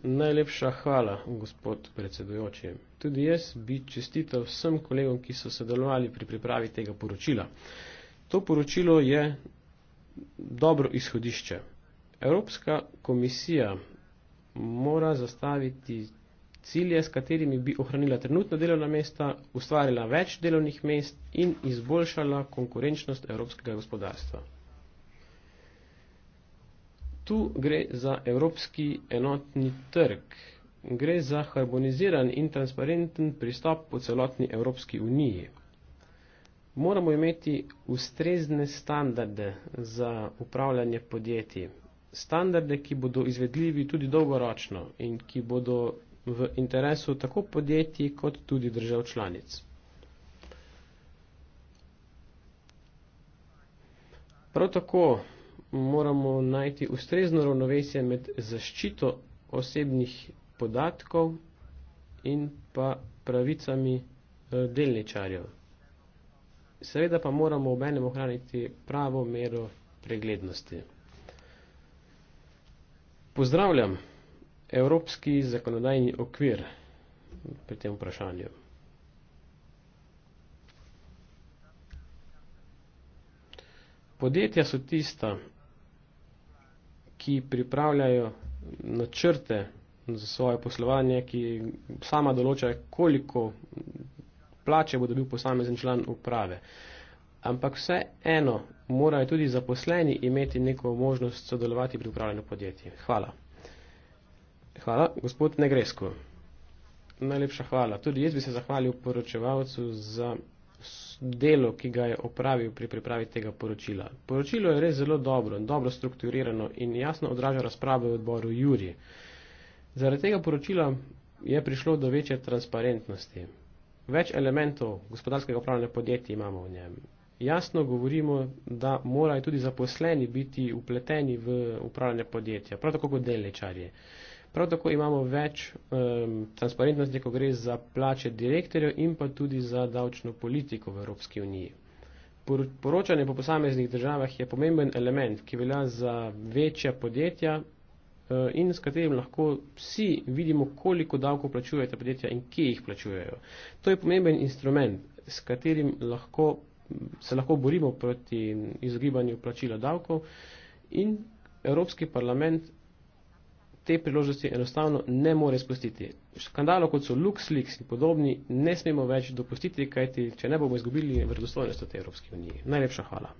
Najlepša hvala, gospod predsedujoči. Tudi jaz bi čestital vsem kolegom, ki so sodelovali pri pripravi tega poročila. To poročilo je dobro izhodišče. Evropska komisija mora zastaviti cilje, s katerimi bi ohranila trenutna delovna mesta, ustvarila več delovnih mest in izboljšala konkurenčnost evropskega gospodarstva. Tu gre za evropski enotni trg gre za harmoniziran in transparenten pristop po celotni Evropski uniji. Moramo imeti ustrezne standarde za upravljanje podjetij, standarde, ki bodo izvedljivi tudi dolgoročno in ki bodo v interesu tako podjetij kot tudi držav članic. Prav tako moramo najti ustrezno ravnovesje med zaščito osebnih podatkov in pa pravicami eh, delničarjev. Seveda pa moramo ob enem ohraniti pravo mero preglednosti. Pozdravljam Evropski zakonodajni okvir pri tem vprašanju. Podjetja so tista, ki pripravljajo načrte za svoje poslovanje, ki sama določa, koliko plače bo dobil posamezen član uprave. Ampak vse eno, morajo tudi zaposleni imeti neko možnost sodelovati pri upravljanju podjetij. Hvala. Hvala, gospod Negresko. Najlepša hvala. Tudi jaz bi se zahvalil poročevalcu za delo, ki ga je opravil pri pripravi tega poročila. Poročilo je res zelo dobro, dobro strukturirano in jasno odraža razprave v odboru Juri. Zaradi tega poročila je prišlo do večje transparentnosti. Več elementov gospodarskega upravljanja podjetij imamo v njem. Jasno govorimo, da morajo tudi zaposleni biti upleteni v upravljanje podjetja, prav tako kot delničarje. Prav tako imamo več um, transparentnosti, ko gre za plače direktorjev in pa tudi za davčno politiko v Evropski uniji. Poročanje po posameznih državah je pomemben element, ki velja za večja podjetja Eh, in s katerim lahko vsi vidimo, koliko davkov plačujejo ta podjetja in kje jih plačujejo. To je pomemben instrument, s katerim lahko, mm, se lahko borimo proti izogibanju plačila davkov in Evropski parlament te priložnosti enostavno ne more spustiti. Skandalo, kot so LuxLeaks in podobni, ne smemo več dopustiti, kajti če ne bomo izgubili vredostojnost v tej Evropski uniji. Najlepša hvala.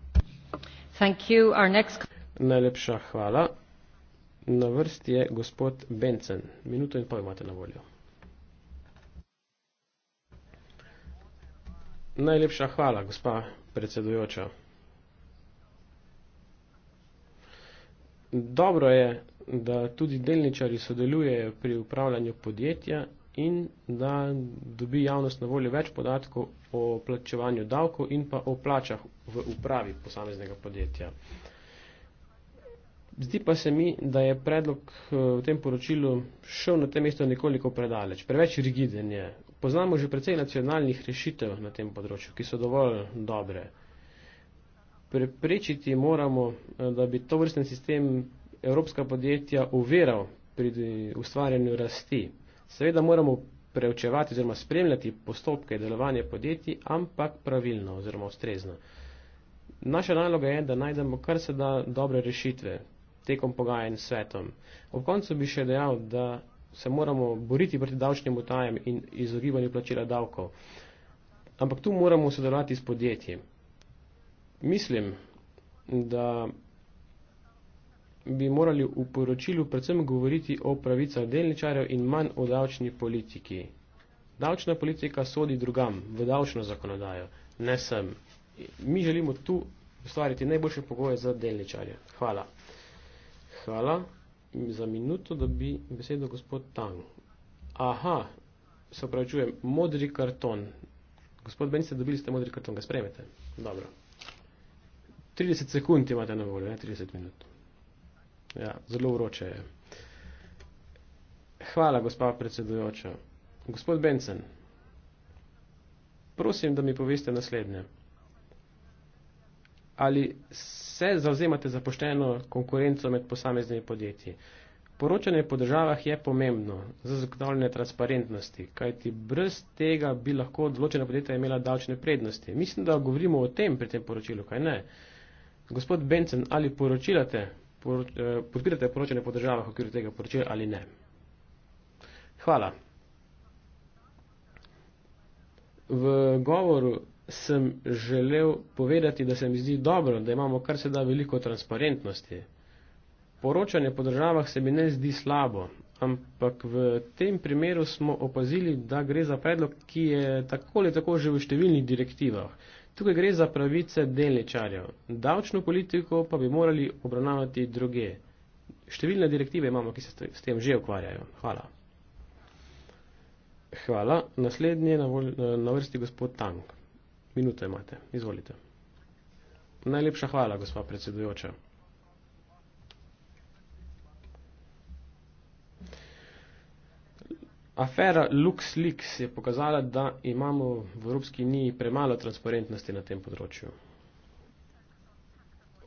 Thank you. Our next... Najlepša hvala na vrsti je gospod Bencen. Minuto in pol imate na voljo. Najlepša hvala, gospa predsedujoča. Dobro je, da tudi delničari sodelujejo pri upravljanju podjetja in da dobi javnost na voljo več podatkov o plačevanju davkov in pa o plačah v upravi posameznega podjetja. Uh, Zdi pa se mi, da je predlog eh, v tem poročilu šel na tem mestu nekoliko predaleč, preveč rigiden je. Poznamo že precej nacionalnih rešitev na tem področju, ki so dovolj dobre. Preprečiti moramo, eh, da bi to vrsten sistem evropska podjetja uveral pri ustvarjanju rasti. Seveda moramo preučevati oziroma spremljati postopke delovanja podjetij, ampak pravilno oziroma ustrezno. Naša naloga je, da najdemo kar se da dobre rešitve, tekom pogajanj s svetom. Ob koncu bi še dejal, da se moramo boriti proti davčnim utajem in izogibanju plačila davkov. Ampak tu moramo sodelovati s podjetji. Mislim, da bi morali v poročilu predvsem govoriti o pravicah delničarjev in manj o davčni politiki. Davčna politika sodi drugam, v davčno zakonodajo, ne sem. Mi želimo tu ustvariti najboljše pogoje za delničarje. Hvala. Hvala. Za minuto dobi besedo gospod Tang. Aha, se opravičujem, modri karton. Gospod Benice, dobili ste modri karton, ga sprejmete. Dobro. 30 sekund imate na voljo, ne 30 minut. Ja, zelo vroče je. Hvala, gospa predsedujoča. Gospod Bencen, prosim, da mi poveste naslednje ali se zauzemate za pošteno konkurenco med posameznimi podjetji. Poročanje po državah je pomembno za zagotavljanje transparentnosti, kajti brez tega bi lahko odločena podjetja imela davčne prednosti. Mislim, da govorimo o tem pri tem poročilu, kaj ne? Gospod Bencen, ali poročilate, poroč, eh, podpirate poročanje po državah v okviru tega poročila ali ne? Hvala. V govoru sem želel povedati, da se mi zdi dobro, da imamo kar se da veliko transparentnosti. Poročanje po državah se mi ne zdi slabo, ampak v tem primeru smo opazili, da gre za predlog, ki je tako ali tako že v številnih direktivah. Tukaj gre za pravice delničarjev, davčno politiko pa bi morali obravnavati druge. Številne direktive imamo, ki se s tem že ukvarjajo. Hvala. Hvala. Naslednji je na, na vrsti gospod Tank. Minute imate. Izvolite. Najlepša hvala, gospa predsedujoča. Afera LuxLeaks je pokazala, da imamo v Evropski uniji premalo transparentnosti na tem področju.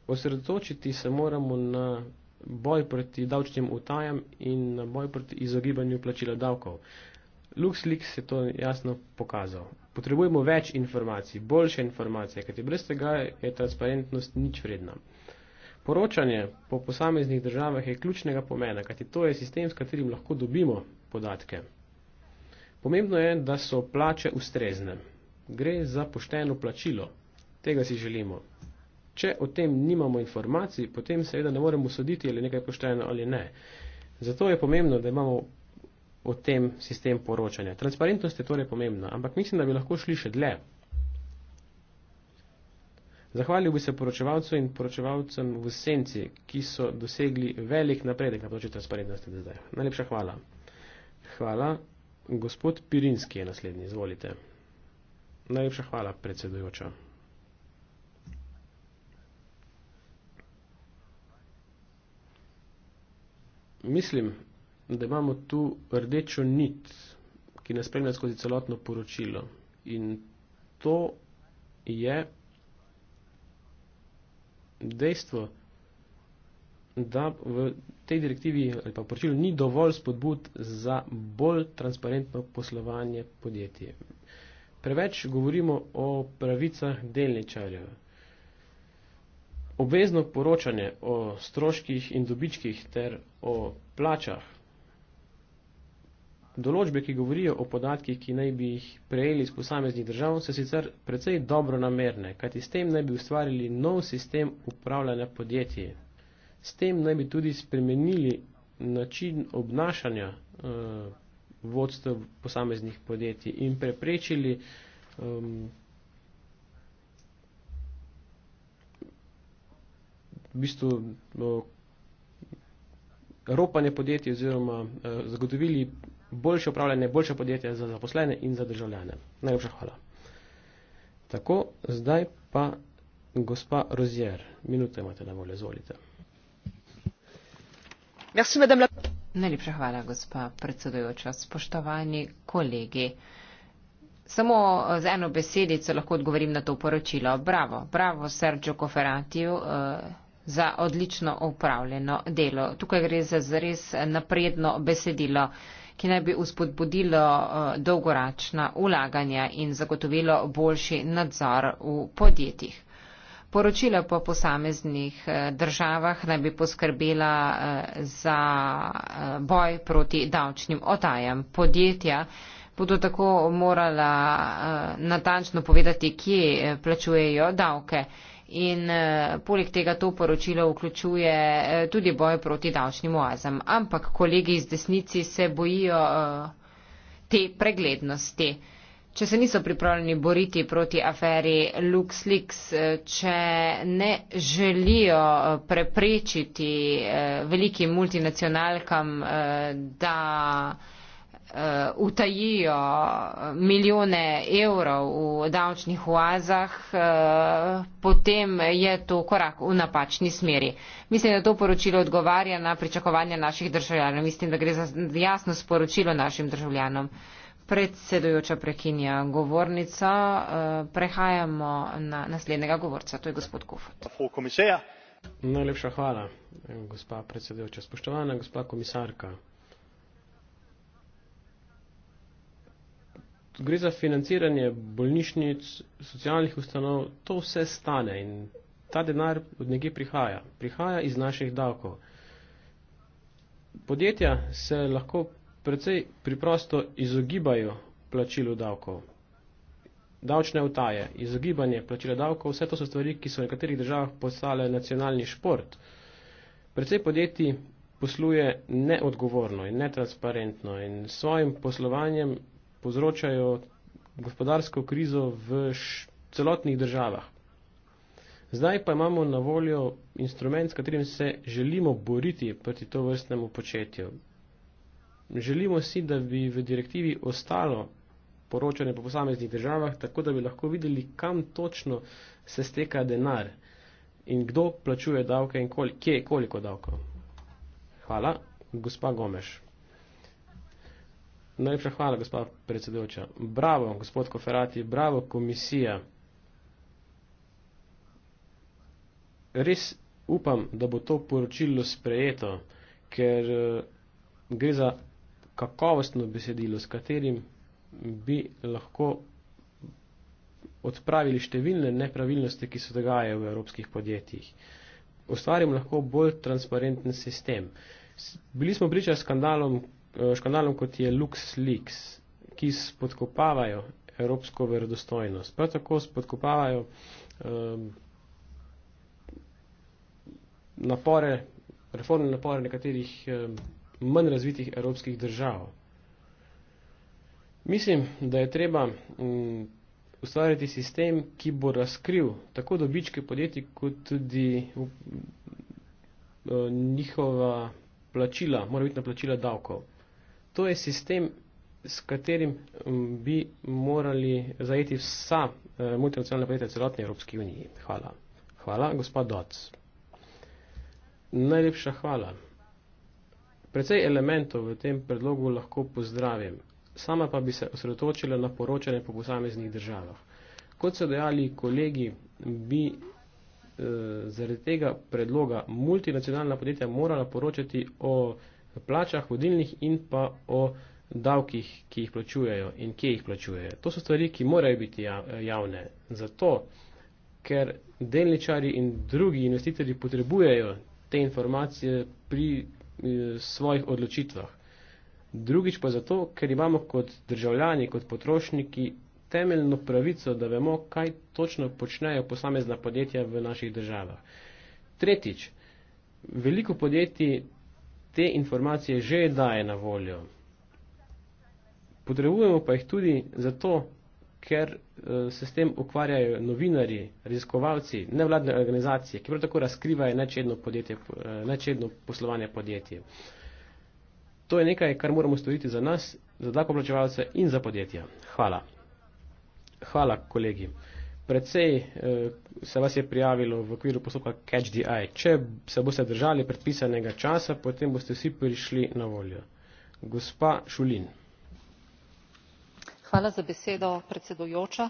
Osredotočiti se moramo na boj proti davčnim utajam in na boj proti izogibanju plačila davkov. LuxLeaks je to jasno pokazal. Potrebujemo več informacij, boljše informacije, kajti brez tega je transparentnost nič vredna. Poročanje po posameznih državah je ključnega pomena, kajti to je sistem, s katerim lahko dobimo podatke. Pomembno je, da so plače ustrezne. Gre za pošteno plačilo. Tega si želimo. Če o tem nimamo informacij, potem seveda ne moremo soditi, ali je nekaj pošteno ali ne. Zato je pomembno, da imamo o tem sistem poročanja. Transparentnost je torej pomembna, ampak mislim, da bi lahko šli še dlje. Zahvalil bi se poročevalcu in poročevalcem v senci, ki so dosegli velik napredek na področju transparentnosti do zdaj. Najlepša hvala. Hvala. Gospod Pirinski je naslednji. Izvolite. Najlepša hvala, predsedujoča. Mislim, da imamo tu rdečo nit, ki nas spremlja skozi celotno poročilo. In to je dejstvo, da v tej direktivi ali pa v poročilu ni dovolj spodbud za bolj transparentno poslovanje podjetje. Preveč govorimo o pravicah delničarjev. Obvezno poročanje o stroških in dobičkih ter o plačah Določbe, ki govorijo o podatkih, ki naj bi jih prejeli iz posameznih držav, so sicer precej dobro namerne, kajti s tem naj bi ustvarili nov sistem upravljanja podjetij. S tem naj bi tudi spremenili način obnašanja eh, vodstva posameznih podjetij in preprečili um, v bistvu oh, ropanje podjetij oziroma eh, zagotovili boljše upravljanje, boljše podjetje za zaposlene in za državljane. Najlepša hvala. Tako, zdaj pa gospa Rozier. Minuto imate na voljo, izvolite. Najlepša hvala, gospa predsedujoča. Spoštovani kolegi. Samo z eno besedico lahko odgovorim na to poročilo. Bravo, bravo Sergio Koferatiju eh, za odlično upravljeno delo. Tukaj gre za res napredno besedilo ki naj bi uspodbudilo eh, dolgoračna ulaganja in zagotovilo boljši nadzor v podjetjih. Poročila po posameznih eh, državah naj bi poskrbela eh, za boj proti davčnim otajam. Podjetja bodo tako morala natančno povedati, kje plačujejo davke in eh, poleg tega to poročilo vključuje eh, tudi boj proti davčnim oazam. Ampak kolegi iz desnici se bojijo eh, te preglednosti. Če se niso pripravljeni boriti proti aferi LuxLeaks, če ne želijo preprečiti velikim multinacionalkam, da uh, utajijo eh, milijone evrov v davčnih oazah, uh, potem je to korak v napačni smeri. Mislim, da to poročilo odgovarja na pričakovanja naših državljanov. Mislim, da gre za jasno sporočilo našim državljanom. Predsedujoča prekinja govornica. Prehajamo na naslednjega govorca, to je gospod Kofot. Najlepša hvala, gospa predsedujoča. Spoštovana gospa komisarka, gre za financiranje bolnišnic, socialnih ustanov, to vse stane in ta denar od nekje prihaja. Prihaja iz naših davkov. Podjetja se lahko precej priprosto izogibajo plačilu davkov. Davčne utaje, izogibanje plačila davkov, vse to so stvari, ki so v nekaterih državah postale nacionalni šport. Predvsej podjetij posluje neodgovorno in netransparentno in s svojim poslovanjem povzročajo gospodarsko krizo v celotnih državah. Zdaj pa imamo na voljo instrument, s katerim se želimo boriti proti to vrstnemu početju. Želimo si, da bi v direktivi ostalo poročanje po posameznih državah, tako da bi lahko videli, kam točno se steka denar in kdo plačuje davke in koliko, kje je koliko davkov. Hvala, gospa Gomeš. Najlepša hvala, gospa predsedujoča. Bravo, gospod Koferati, bravo, komisija. Res upam, da bo to poročilo sprejeto, ker eh, gre za kakovostno besedilo, s katerim bi lahko odpravili številne nepravilnosti, ki se dogajajo v evropskih podjetjih. Ustvarim lahko bolj transparenten sistem. Bili smo priča skandalom, Eh, škandalom, kot je LuxLeaks, ki spodkopavajo evropsko verodostojnost. Prav tako spodkopavajo um, napore, reformne napore nekaterih um, manj razvitih evropskih držav. Mislim, da je treba um, ustvariti sistem, ki bo razkril tako dobičke podjetij, kot tudi um, njihova plačila, mora biti na plačila davkov to je sistem, s katerim bi morali zajeti vsa eh, multinacionalna podjetja celotne Evropske unije. Hvala. Hvala, gospod Doc. Najlepša hvala. Predvsej elementov v tem predlogu lahko pozdravim. Sama pa bi se osredotočila na poročanje po posameznih državah. Kot so dejali kolegi, bi eh, zaradi tega predloga multinacionalna podjetja morala poročati o eh, plačah vodilnih in pa o davkih, ki jih plačujejo in kje jih plačujejo. To so stvari, ki morajo biti javne. Zato, ker delničari in drugi investitorji potrebujejo te informacije pri eh, svojih odločitvah. Drugič pa zato, ker imamo kot državljani, kot potrošniki temeljno pravico, da vemo, kaj točno počnejo posamezna podjetja v naših državah. Tretjič, veliko podjetij te informacije že daje na voljo. Potrebujemo pa jih tudi zato, ker eh, se s tem ukvarjajo novinari, raziskovalci, nevladne organizacije, ki prav tako razkrivajo nečedno, podjetje, eh, nečedno poslovanje podjetij. To je nekaj, kar moramo storiti za nas, za davkoplačevalce in za podjetja. Hvala. Hvala, kolegi precej eh, se vas je prijavilo v okviru postopka Catch the Eye. Če se boste držali predpisanega časa, potem boste vsi prišli na voljo. Gospa Šulin. Hvala za besedo, predsedujoča.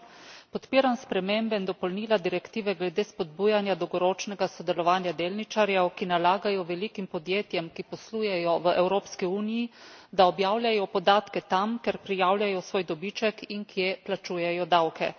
Podpiram spremembe in dopolnila direktive glede spodbujanja dolgoročnega sodelovanja delničarjev, ki nalagajo velikim podjetjem, ki poslujejo v Evropski uniji, da objavljajo podatke tam, ker prijavljajo svoj dobiček in kje plačujejo davke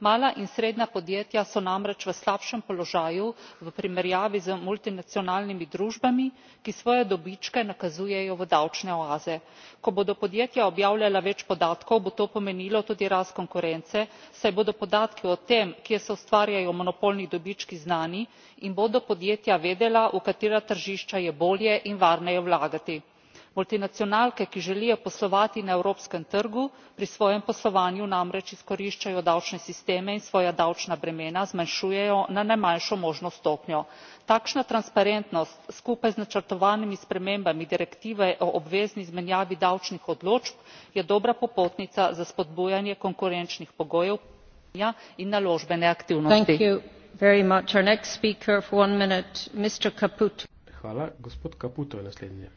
mala in srednja podjetja so namreč v slabšem položaju v primerjavi z multinacionalnimi družbami ki svoje dobičke nakazujejo v davčne oaze. ko bodo podjetja objavljala več podatkov bo to pomenilo tudi rast konkurence saj bodo podatki o tem kje se ustvarjajo monopolni dobički znani in bodo podjetja vedela v katera tržišča je bolje in varneje vlagati multinacionalke ki želijo poslovati na evropskem trgu pri svojem poslovanju namreč izkoriščajo davčne sisteme in svoja davčna bremena zmanjšujejo na najmanjšo možno stopnjo. takšna transparentnost skupaj z načrtovanimi spremembami direktive o obvezni izmenjavi davčnih odločb je dobra popotnica za spodbujanje konkurenčnih pogojev podjetja in naložbene aktivnosti. Hvala. Gospod Kaputo je naslednji.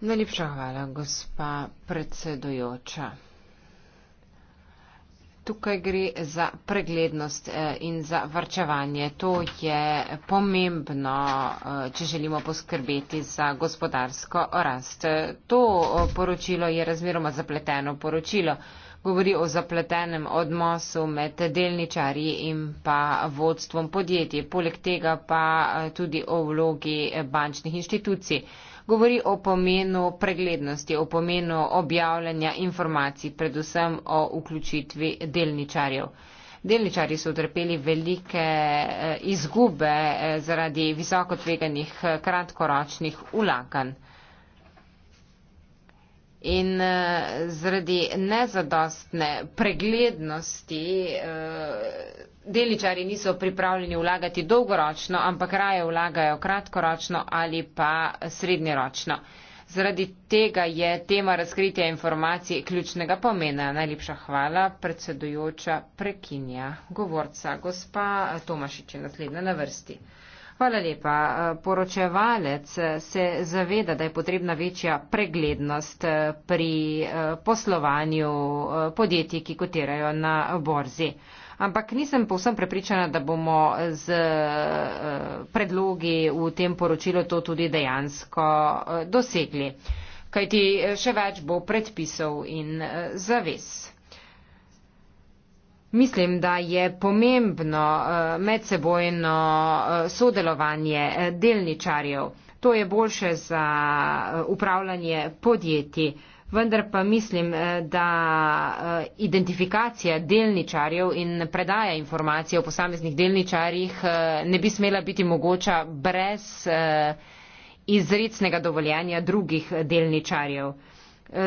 Najlepša hvala, gospa predsedujoča. Tukaj gre za preglednost eh, in za varčevanje. To je pomembno, eh, če želimo poskrbeti za gospodarsko rast. To eh, poročilo je razmeroma zapleteno poročilo govori o zapletenem odnosu med delničarji in pa vodstvom podjetij, poleg tega pa eh, tudi o vlogi eh, bančnih inštitucij. Govori o pomenu preglednosti, o pomenu objavljanja informacij, predvsem o vključitvi delničarjev. Delničari so utrpeli velike eh, izgube zaradi visoko tveganih kratkoročnih ulakanj. In eh, zaradi nezadostne preglednosti eh, deličari niso pripravljeni vlagati dolgoročno, ampak raje vlagajo kratkoročno ali pa srednjeročno. Zaradi tega je tema razkritja informacij ključnega pomena. Najlepša hvala, predsedujoča prekinja govorca, gospa Tomašič je naslednja na vrsti. Hvala lepa. Poročevalec se zaveda, da je potrebna večja preglednost eh, pri eh, poslovanju eh, podjetij, ki kotirajo na borzi. Ampak nisem povsem prepričana, da bomo z predlogi v tem poročilu to tudi dejansko dosegli. Kajti še več bo predpisov in zavez. Mislim, da je pomembno eh, medsebojno eh, sodelovanje eh, delničarjev. To je boljše za upravljanje podjetij. Vendar pa mislim, da identifikacija delničarjev in predaja informacije o posameznih delničarjih ne bi smela biti mogoča brez izrecnega dovoljenja drugih delničarjev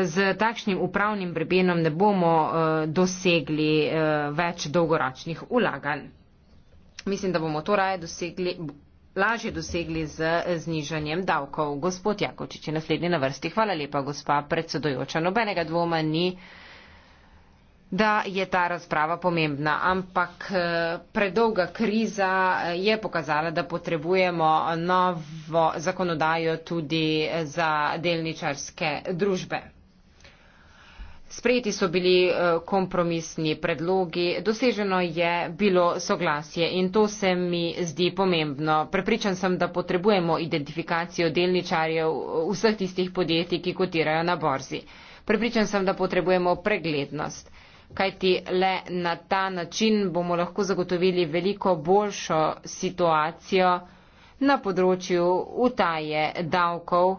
z takšnim upravnim brebenom ne bomo eh, dosegli eh, več dolgoročnih ulaganj. Mislim, da bomo to raje dosegli, lažje dosegli z eh, znižanjem davkov. Gospod Jakočič je naslednji na vrsti. Hvala lepa, gospa predsedojoča. Nobenega dvoma ni da je ta razprava pomembna, ampak eh, predolga kriza eh, je pokazala, da potrebujemo novo zakonodajo tudi eh, za delničarske družbe. Sprejeti so bili kompromisni predlogi, doseženo je bilo soglasje in to se mi zdi pomembno. Prepričan sem, da potrebujemo identifikacijo delničarjev vseh tistih podjetij, ki kotirajo na borzi. Prepričan sem, da potrebujemo preglednost kajti le na ta način bomo lahko zagotovili veliko boljšo situacijo na področju utaje davkov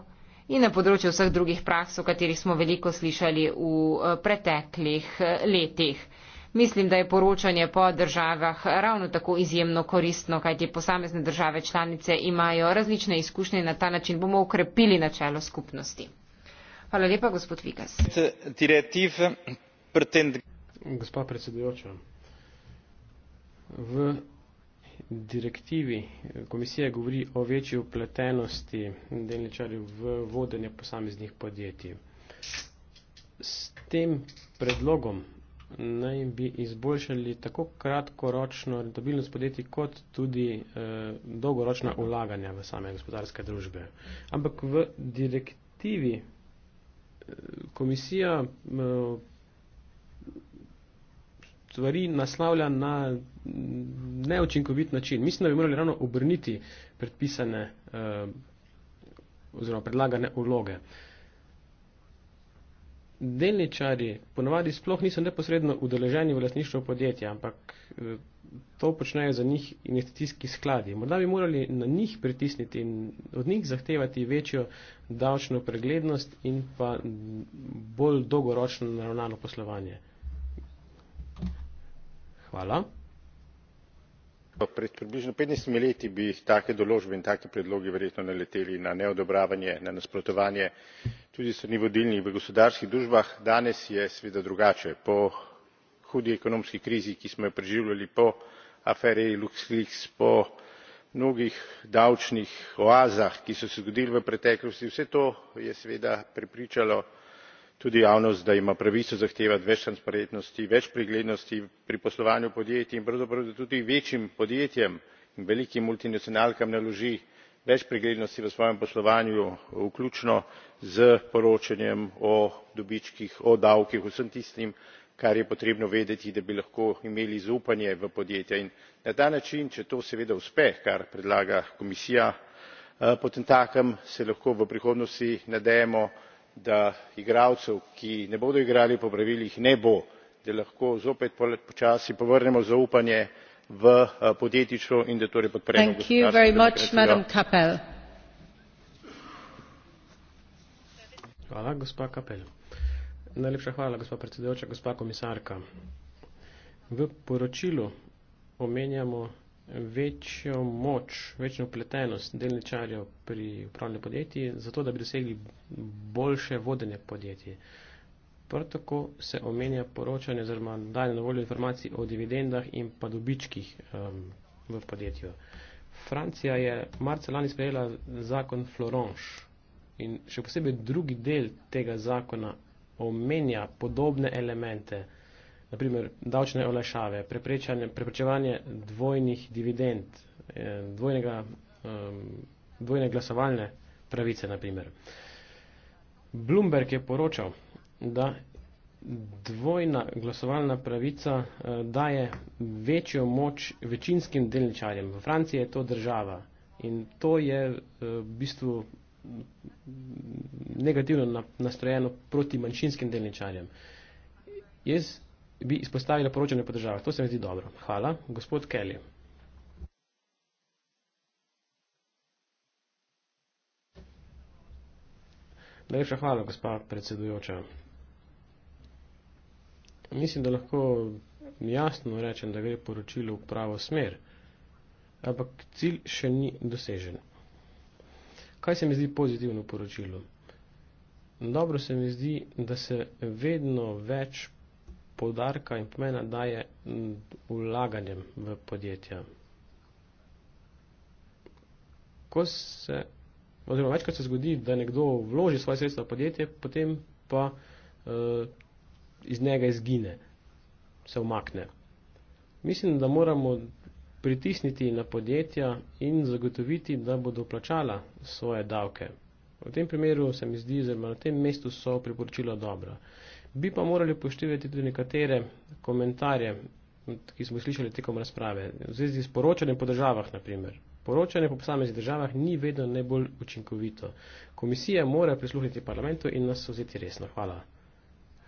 in na področju vseh drugih praks, o katerih smo veliko slišali v eh, preteklih eh, letih. Mislim, da je poročanje po državah ravno tako izjemno koristno, kajti posamezne države članice imajo različne izkušnje in na ta način bomo ukrepili načelo skupnosti. Hvala lepa, gospod Vigas gospa predsedujoča, v direktivi komisija govori o večji upletenosti delničarjev v vodenje posameznih podjetij. S tem predlogom naj bi izboljšali tako kratkoročno rentabilnost podjetij, kot tudi eh, dolgoročna ulaganja v same gospodarske družbe. Ampak v direktivi eh, komisija eh, stvari naslavlja na neočinkovit način. Mislim, da bi morali ravno obrniti predpisane eh, oziroma predlagane uloge. Delničari ponovadi sploh niso neposredno udeleženi v lasništvu podjetja, ampak eh, to počnejo za njih investicijski skladi. Morda bi morali na njih pritisniti in od njih zahtevati večjo davčno preglednost in pa bolj dolgoročno naravnano poslovanje pred približno petnajst leti bi take določbe in taki predlogi verjetno naleteli na neodobravanje na nasprotovanje tudi s strani vodilnih v gospodarskih družbah danes je seveda drugače po hudi ekonomski krizi ki smo jo preživljali po aferi luxleaks po mnogih davčnih oazah ki so se zgodile v preteklosti vse to je seveda prepričalo tudi javnost da ima pravico zahtevati več transparentnosti več preglednosti pri poslovanju podjetij in pravzaprav da tudi večjim podjetjem in velikim multinacionalkam naloži več preglednosti v svojem poslovanju vključno s poročanjem o dobičkih o davkih vsem tistim kar je potrebno vedeti da bi lahko imeli zaupanje v podjetja in na ta način če to seveda uspe kar predlaga komisija eh, potemtakem se lahko v prihodnosti nadejamo da igralcev ki ne bodo igrali po pravilih ne bo da lahko zopet počasi povrnemo zaupanje v eh, podjetništvo in da torej podpremo gospodarsko demokracijo. v poročilu omenjamo večjo moč, večjo upletenost delničarjev pri upravljanju podjetij, zato da bi dosegli boljše vodenje podjetij. Prav tako se omenja poročanje oziroma dajanje na voljo informacij o dividendah in pa dobičkih um, v podjetju. Francija je marca lani sprejela zakon Florange in še posebej drugi del tega zakona omenja podobne elemente uh, naprimer davčne olajšave, preprečevanje dvojnih dividend, eh, dvojnega, dvojne glasovalne pravice. Naprimer. Bloomberg je poročal, da dvojna glasovalna pravica eh, daje večjo moč večinskim delničarjem. V Franciji je to država in to je eh, v bistvu negativno nastrojeno proti manjšinskim delničarjem. Jaz bi izpostavila poročanje po državah. To se mi zdi dobro. Hvala. Gospod Kelly. Najlepša hvala, gospa predsedujoča. Mislim, da lahko jasno rečem, da gre poročilo v pravo smer, ampak cilj še ni dosežen. Kaj se mi zdi pozitivno poročilo? Dobro se mi zdi, da se vedno več podarka in pomena daje vlaganjem v podjetja. Ko se, oziroma večkrat se zgodi, da nekdo vloži svoje sredstva v podjetje, potem pa eh, iz njega izgine, se umakne. Mislim, da moramo pritisniti na podjetja in zagotoviti, da bodo plačala svoje davke. V tem primeru se mi zdi, da na tem mestu so priporočila dobra. Eh, Bi pa morali poštevati tudi nekatere komentarje, ki smo slišali tekom razprave, v zvezi s poročanjem po državah, naprimer. Poročanje po posameznih državah ni vedno najbolj učinkovito. Komisija mora prisluhniti parlamentu in nas vzeti resno. Hvala.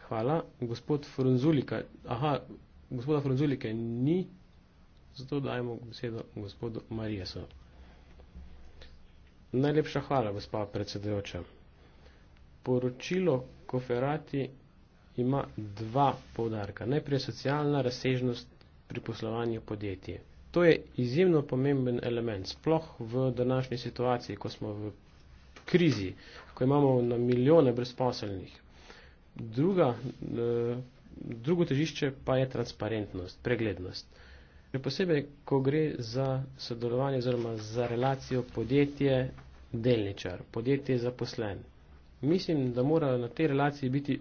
Hvala. Gospod Frunzulika. Aha, gospoda Frunzulike ni. Zato dajemo besedo gospodu Marijesu. Najlepša hvala, gospa predsedujoča. Poročilo Koferati ima dva povdarka. Najprej socialna razsežnost pri poslovanju podjetje. To je izjemno pomemben element, sploh v današnji situaciji, ko smo v krizi, ko imamo na milijone brezposelnih. Druga, eh, drugo težišče pa je transparentnost, preglednost. Še posebej, ko gre za sodelovanje oziroma za relacijo podjetje delničar, podjetje zaposlen. Mislim, da mora na tej relaciji biti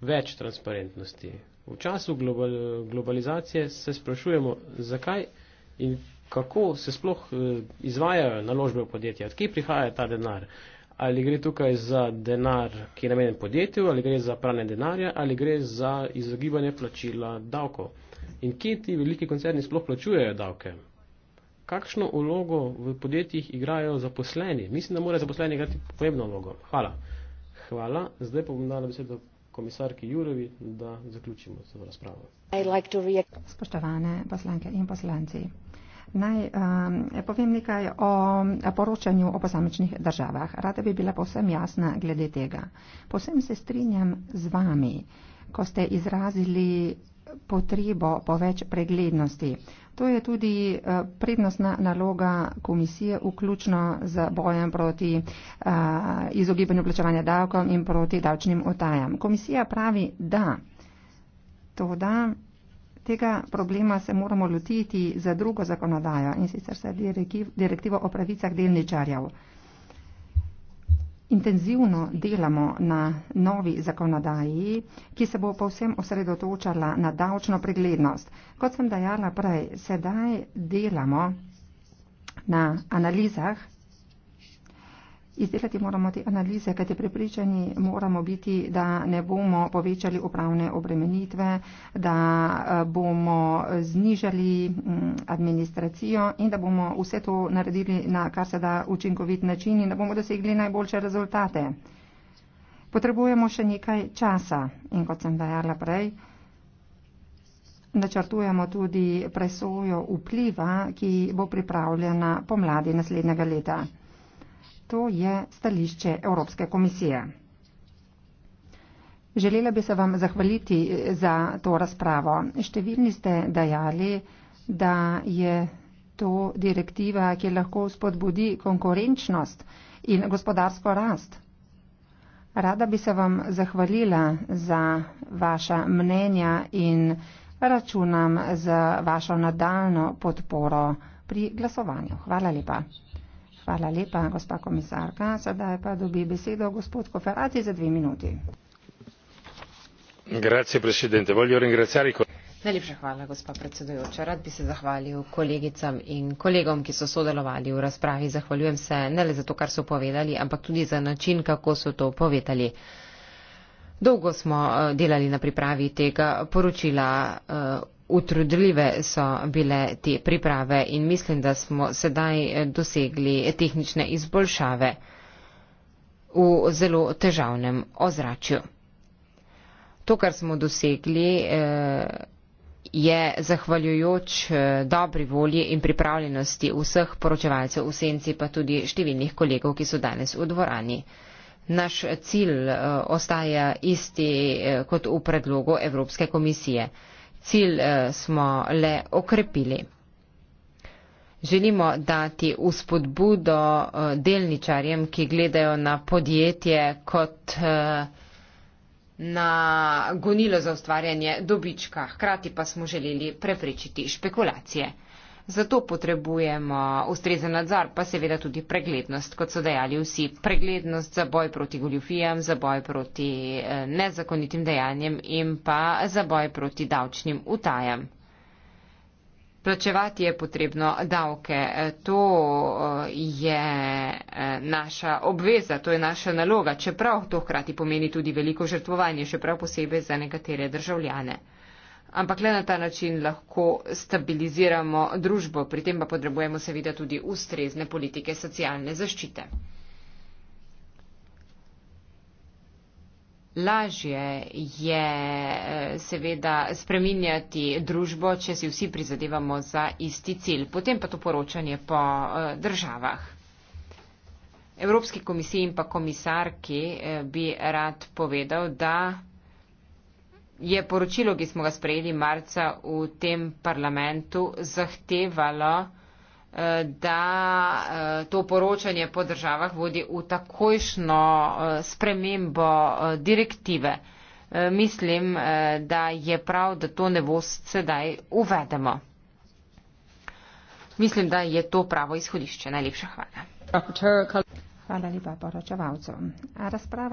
več transparentnosti. V času global, globalizacije se sprašujemo, zakaj in kako se sploh eh, izvajajo naložbe v podjetja, odkje prihaja ta denar. Ali gre tukaj za denar, ki je namenjen podjetju, ali gre za pranje denarja, ali gre za izogibanje plačila davkov. In kje ti veliki koncerni sploh plačujejo davke? Kakšno vlogo v podjetjih igrajo zaposleni? Mislim, da mora zaposleni igrati pomembno vlogo. Hvala. Hvala. Zdaj pa bom dala besedo. Da komisarki Jurevi, da zaključimo s razpravo. Spoštovane poslanke in poslanci. Naj um, povem nekaj o poročanju o posamečnih državah. Rada bi bila povsem jasna glede tega. Povsem se strinjam z vami, ko ste izrazili potrebo po več preglednosti. To je tudi eh, prednostna naloga komisije, vključno z bojem proti eh, izogibanju plačevanja davkom in proti davčnim otajam. Komisija pravi, da to da. Tega problema se moramo lotiti za drugo zakonodajo in sicer za direktivo o pravicah delničarjev. Intenzivno delamo na novi zakonodaji, ki se bo povsem osredotočala na davčno preglednost. Kot sem dejala prej, sedaj delamo na analizah Izdelati moramo te analize, kajte prepričani moramo biti, da ne bomo povečali upravne obremenitve, da eh, bomo znižali mm, administracijo in da bomo vse to naredili na kar se da učinkovit način in da bomo dosegli najboljše rezultate. Potrebujemo še nekaj časa in kot sem dajala prej, načrtujemo tudi presojo vpliva, ki bo pripravljena pomladi naslednjega leta. To je stališče Evropske komisije. Želela bi se vam zahvaliti za to razpravo. Številni ste dajali, da je to direktiva, ki lahko spodbudi konkurenčnost in gospodarsko rast. Rada bi se vam zahvalila za vaša mnenja in računam za vašo nadaljno podporo pri glasovanju. Hvala lepa. Hvala lepa, gospa komisarka. Sedaj pa dobi besedo gospod Koferaci za dve minuti. Najlepša hvala, gospa predsedujoča. Rad bi se zahvalil kolegicam in kolegom, ki so sodelovali v razpravi. Zahvaljujem se ne le za to, kar so povedali, ampak tudi za način, kako so to povedali. Dolgo smo eh, delali na pripravi tega poročila. Uh, utrudljive so bile te priprave in mislim, da smo sedaj dosegli tehnične izboljšave v zelo težavnem ozračju. To, kar smo dosegli, eh, je zahvaljujoč eh, dobri volji in pripravljenosti vseh poročevalcev v senci, pa tudi številnih kolegov, ki so danes v dvorani. Naš cilj eh, ostaja isti kot v predlogu Evropske komisije cilj eh, smo le okrepili. Želimo dati uspodbudo eh, delničarjem, ki gledajo na podjetje kot eh, na gonilo za ustvarjanje dobička. Hkrati pa smo želeli preprečiti špekulacije. Zato potrebujemo ustrezen nadzor, pa seveda tudi preglednost, kot so dejali vsi. Preglednost za boj proti goljufijam, za boj proti eh, nezakonitim dejanjem in pa za boj proti davčnim utajam. Plačevati je potrebno davke. Eh, to eh, je naša obveza, to je naša naloga, čeprav to hkrati pomeni tudi veliko žrtvovanje, še prav posebej za nekatere državljane. Ampak le na ta način lahko stabiliziramo družbo, pri tem pa potrebujemo seveda tudi ustrezne politike socialne zaščite. Lažje je eh, seveda spreminjati družbo, če si vsi prizadevamo za isti cilj. Potem pa to poročanje po eh, državah. Evropski komisiji in pa komisarki eh, bi rad povedal, da je poročilo, ki smo ga sprejeli marca v tem parlamentu, zahtevalo, eh, da eh, to poročanje po državah vodi v takojšno eh, spremembo direktive. Mislim, da je prav, da to ne bo sedaj uvedemo. Mislim, da je to pravo izhodišče. Najlepša hvala. Hvala lepa poročevalcu.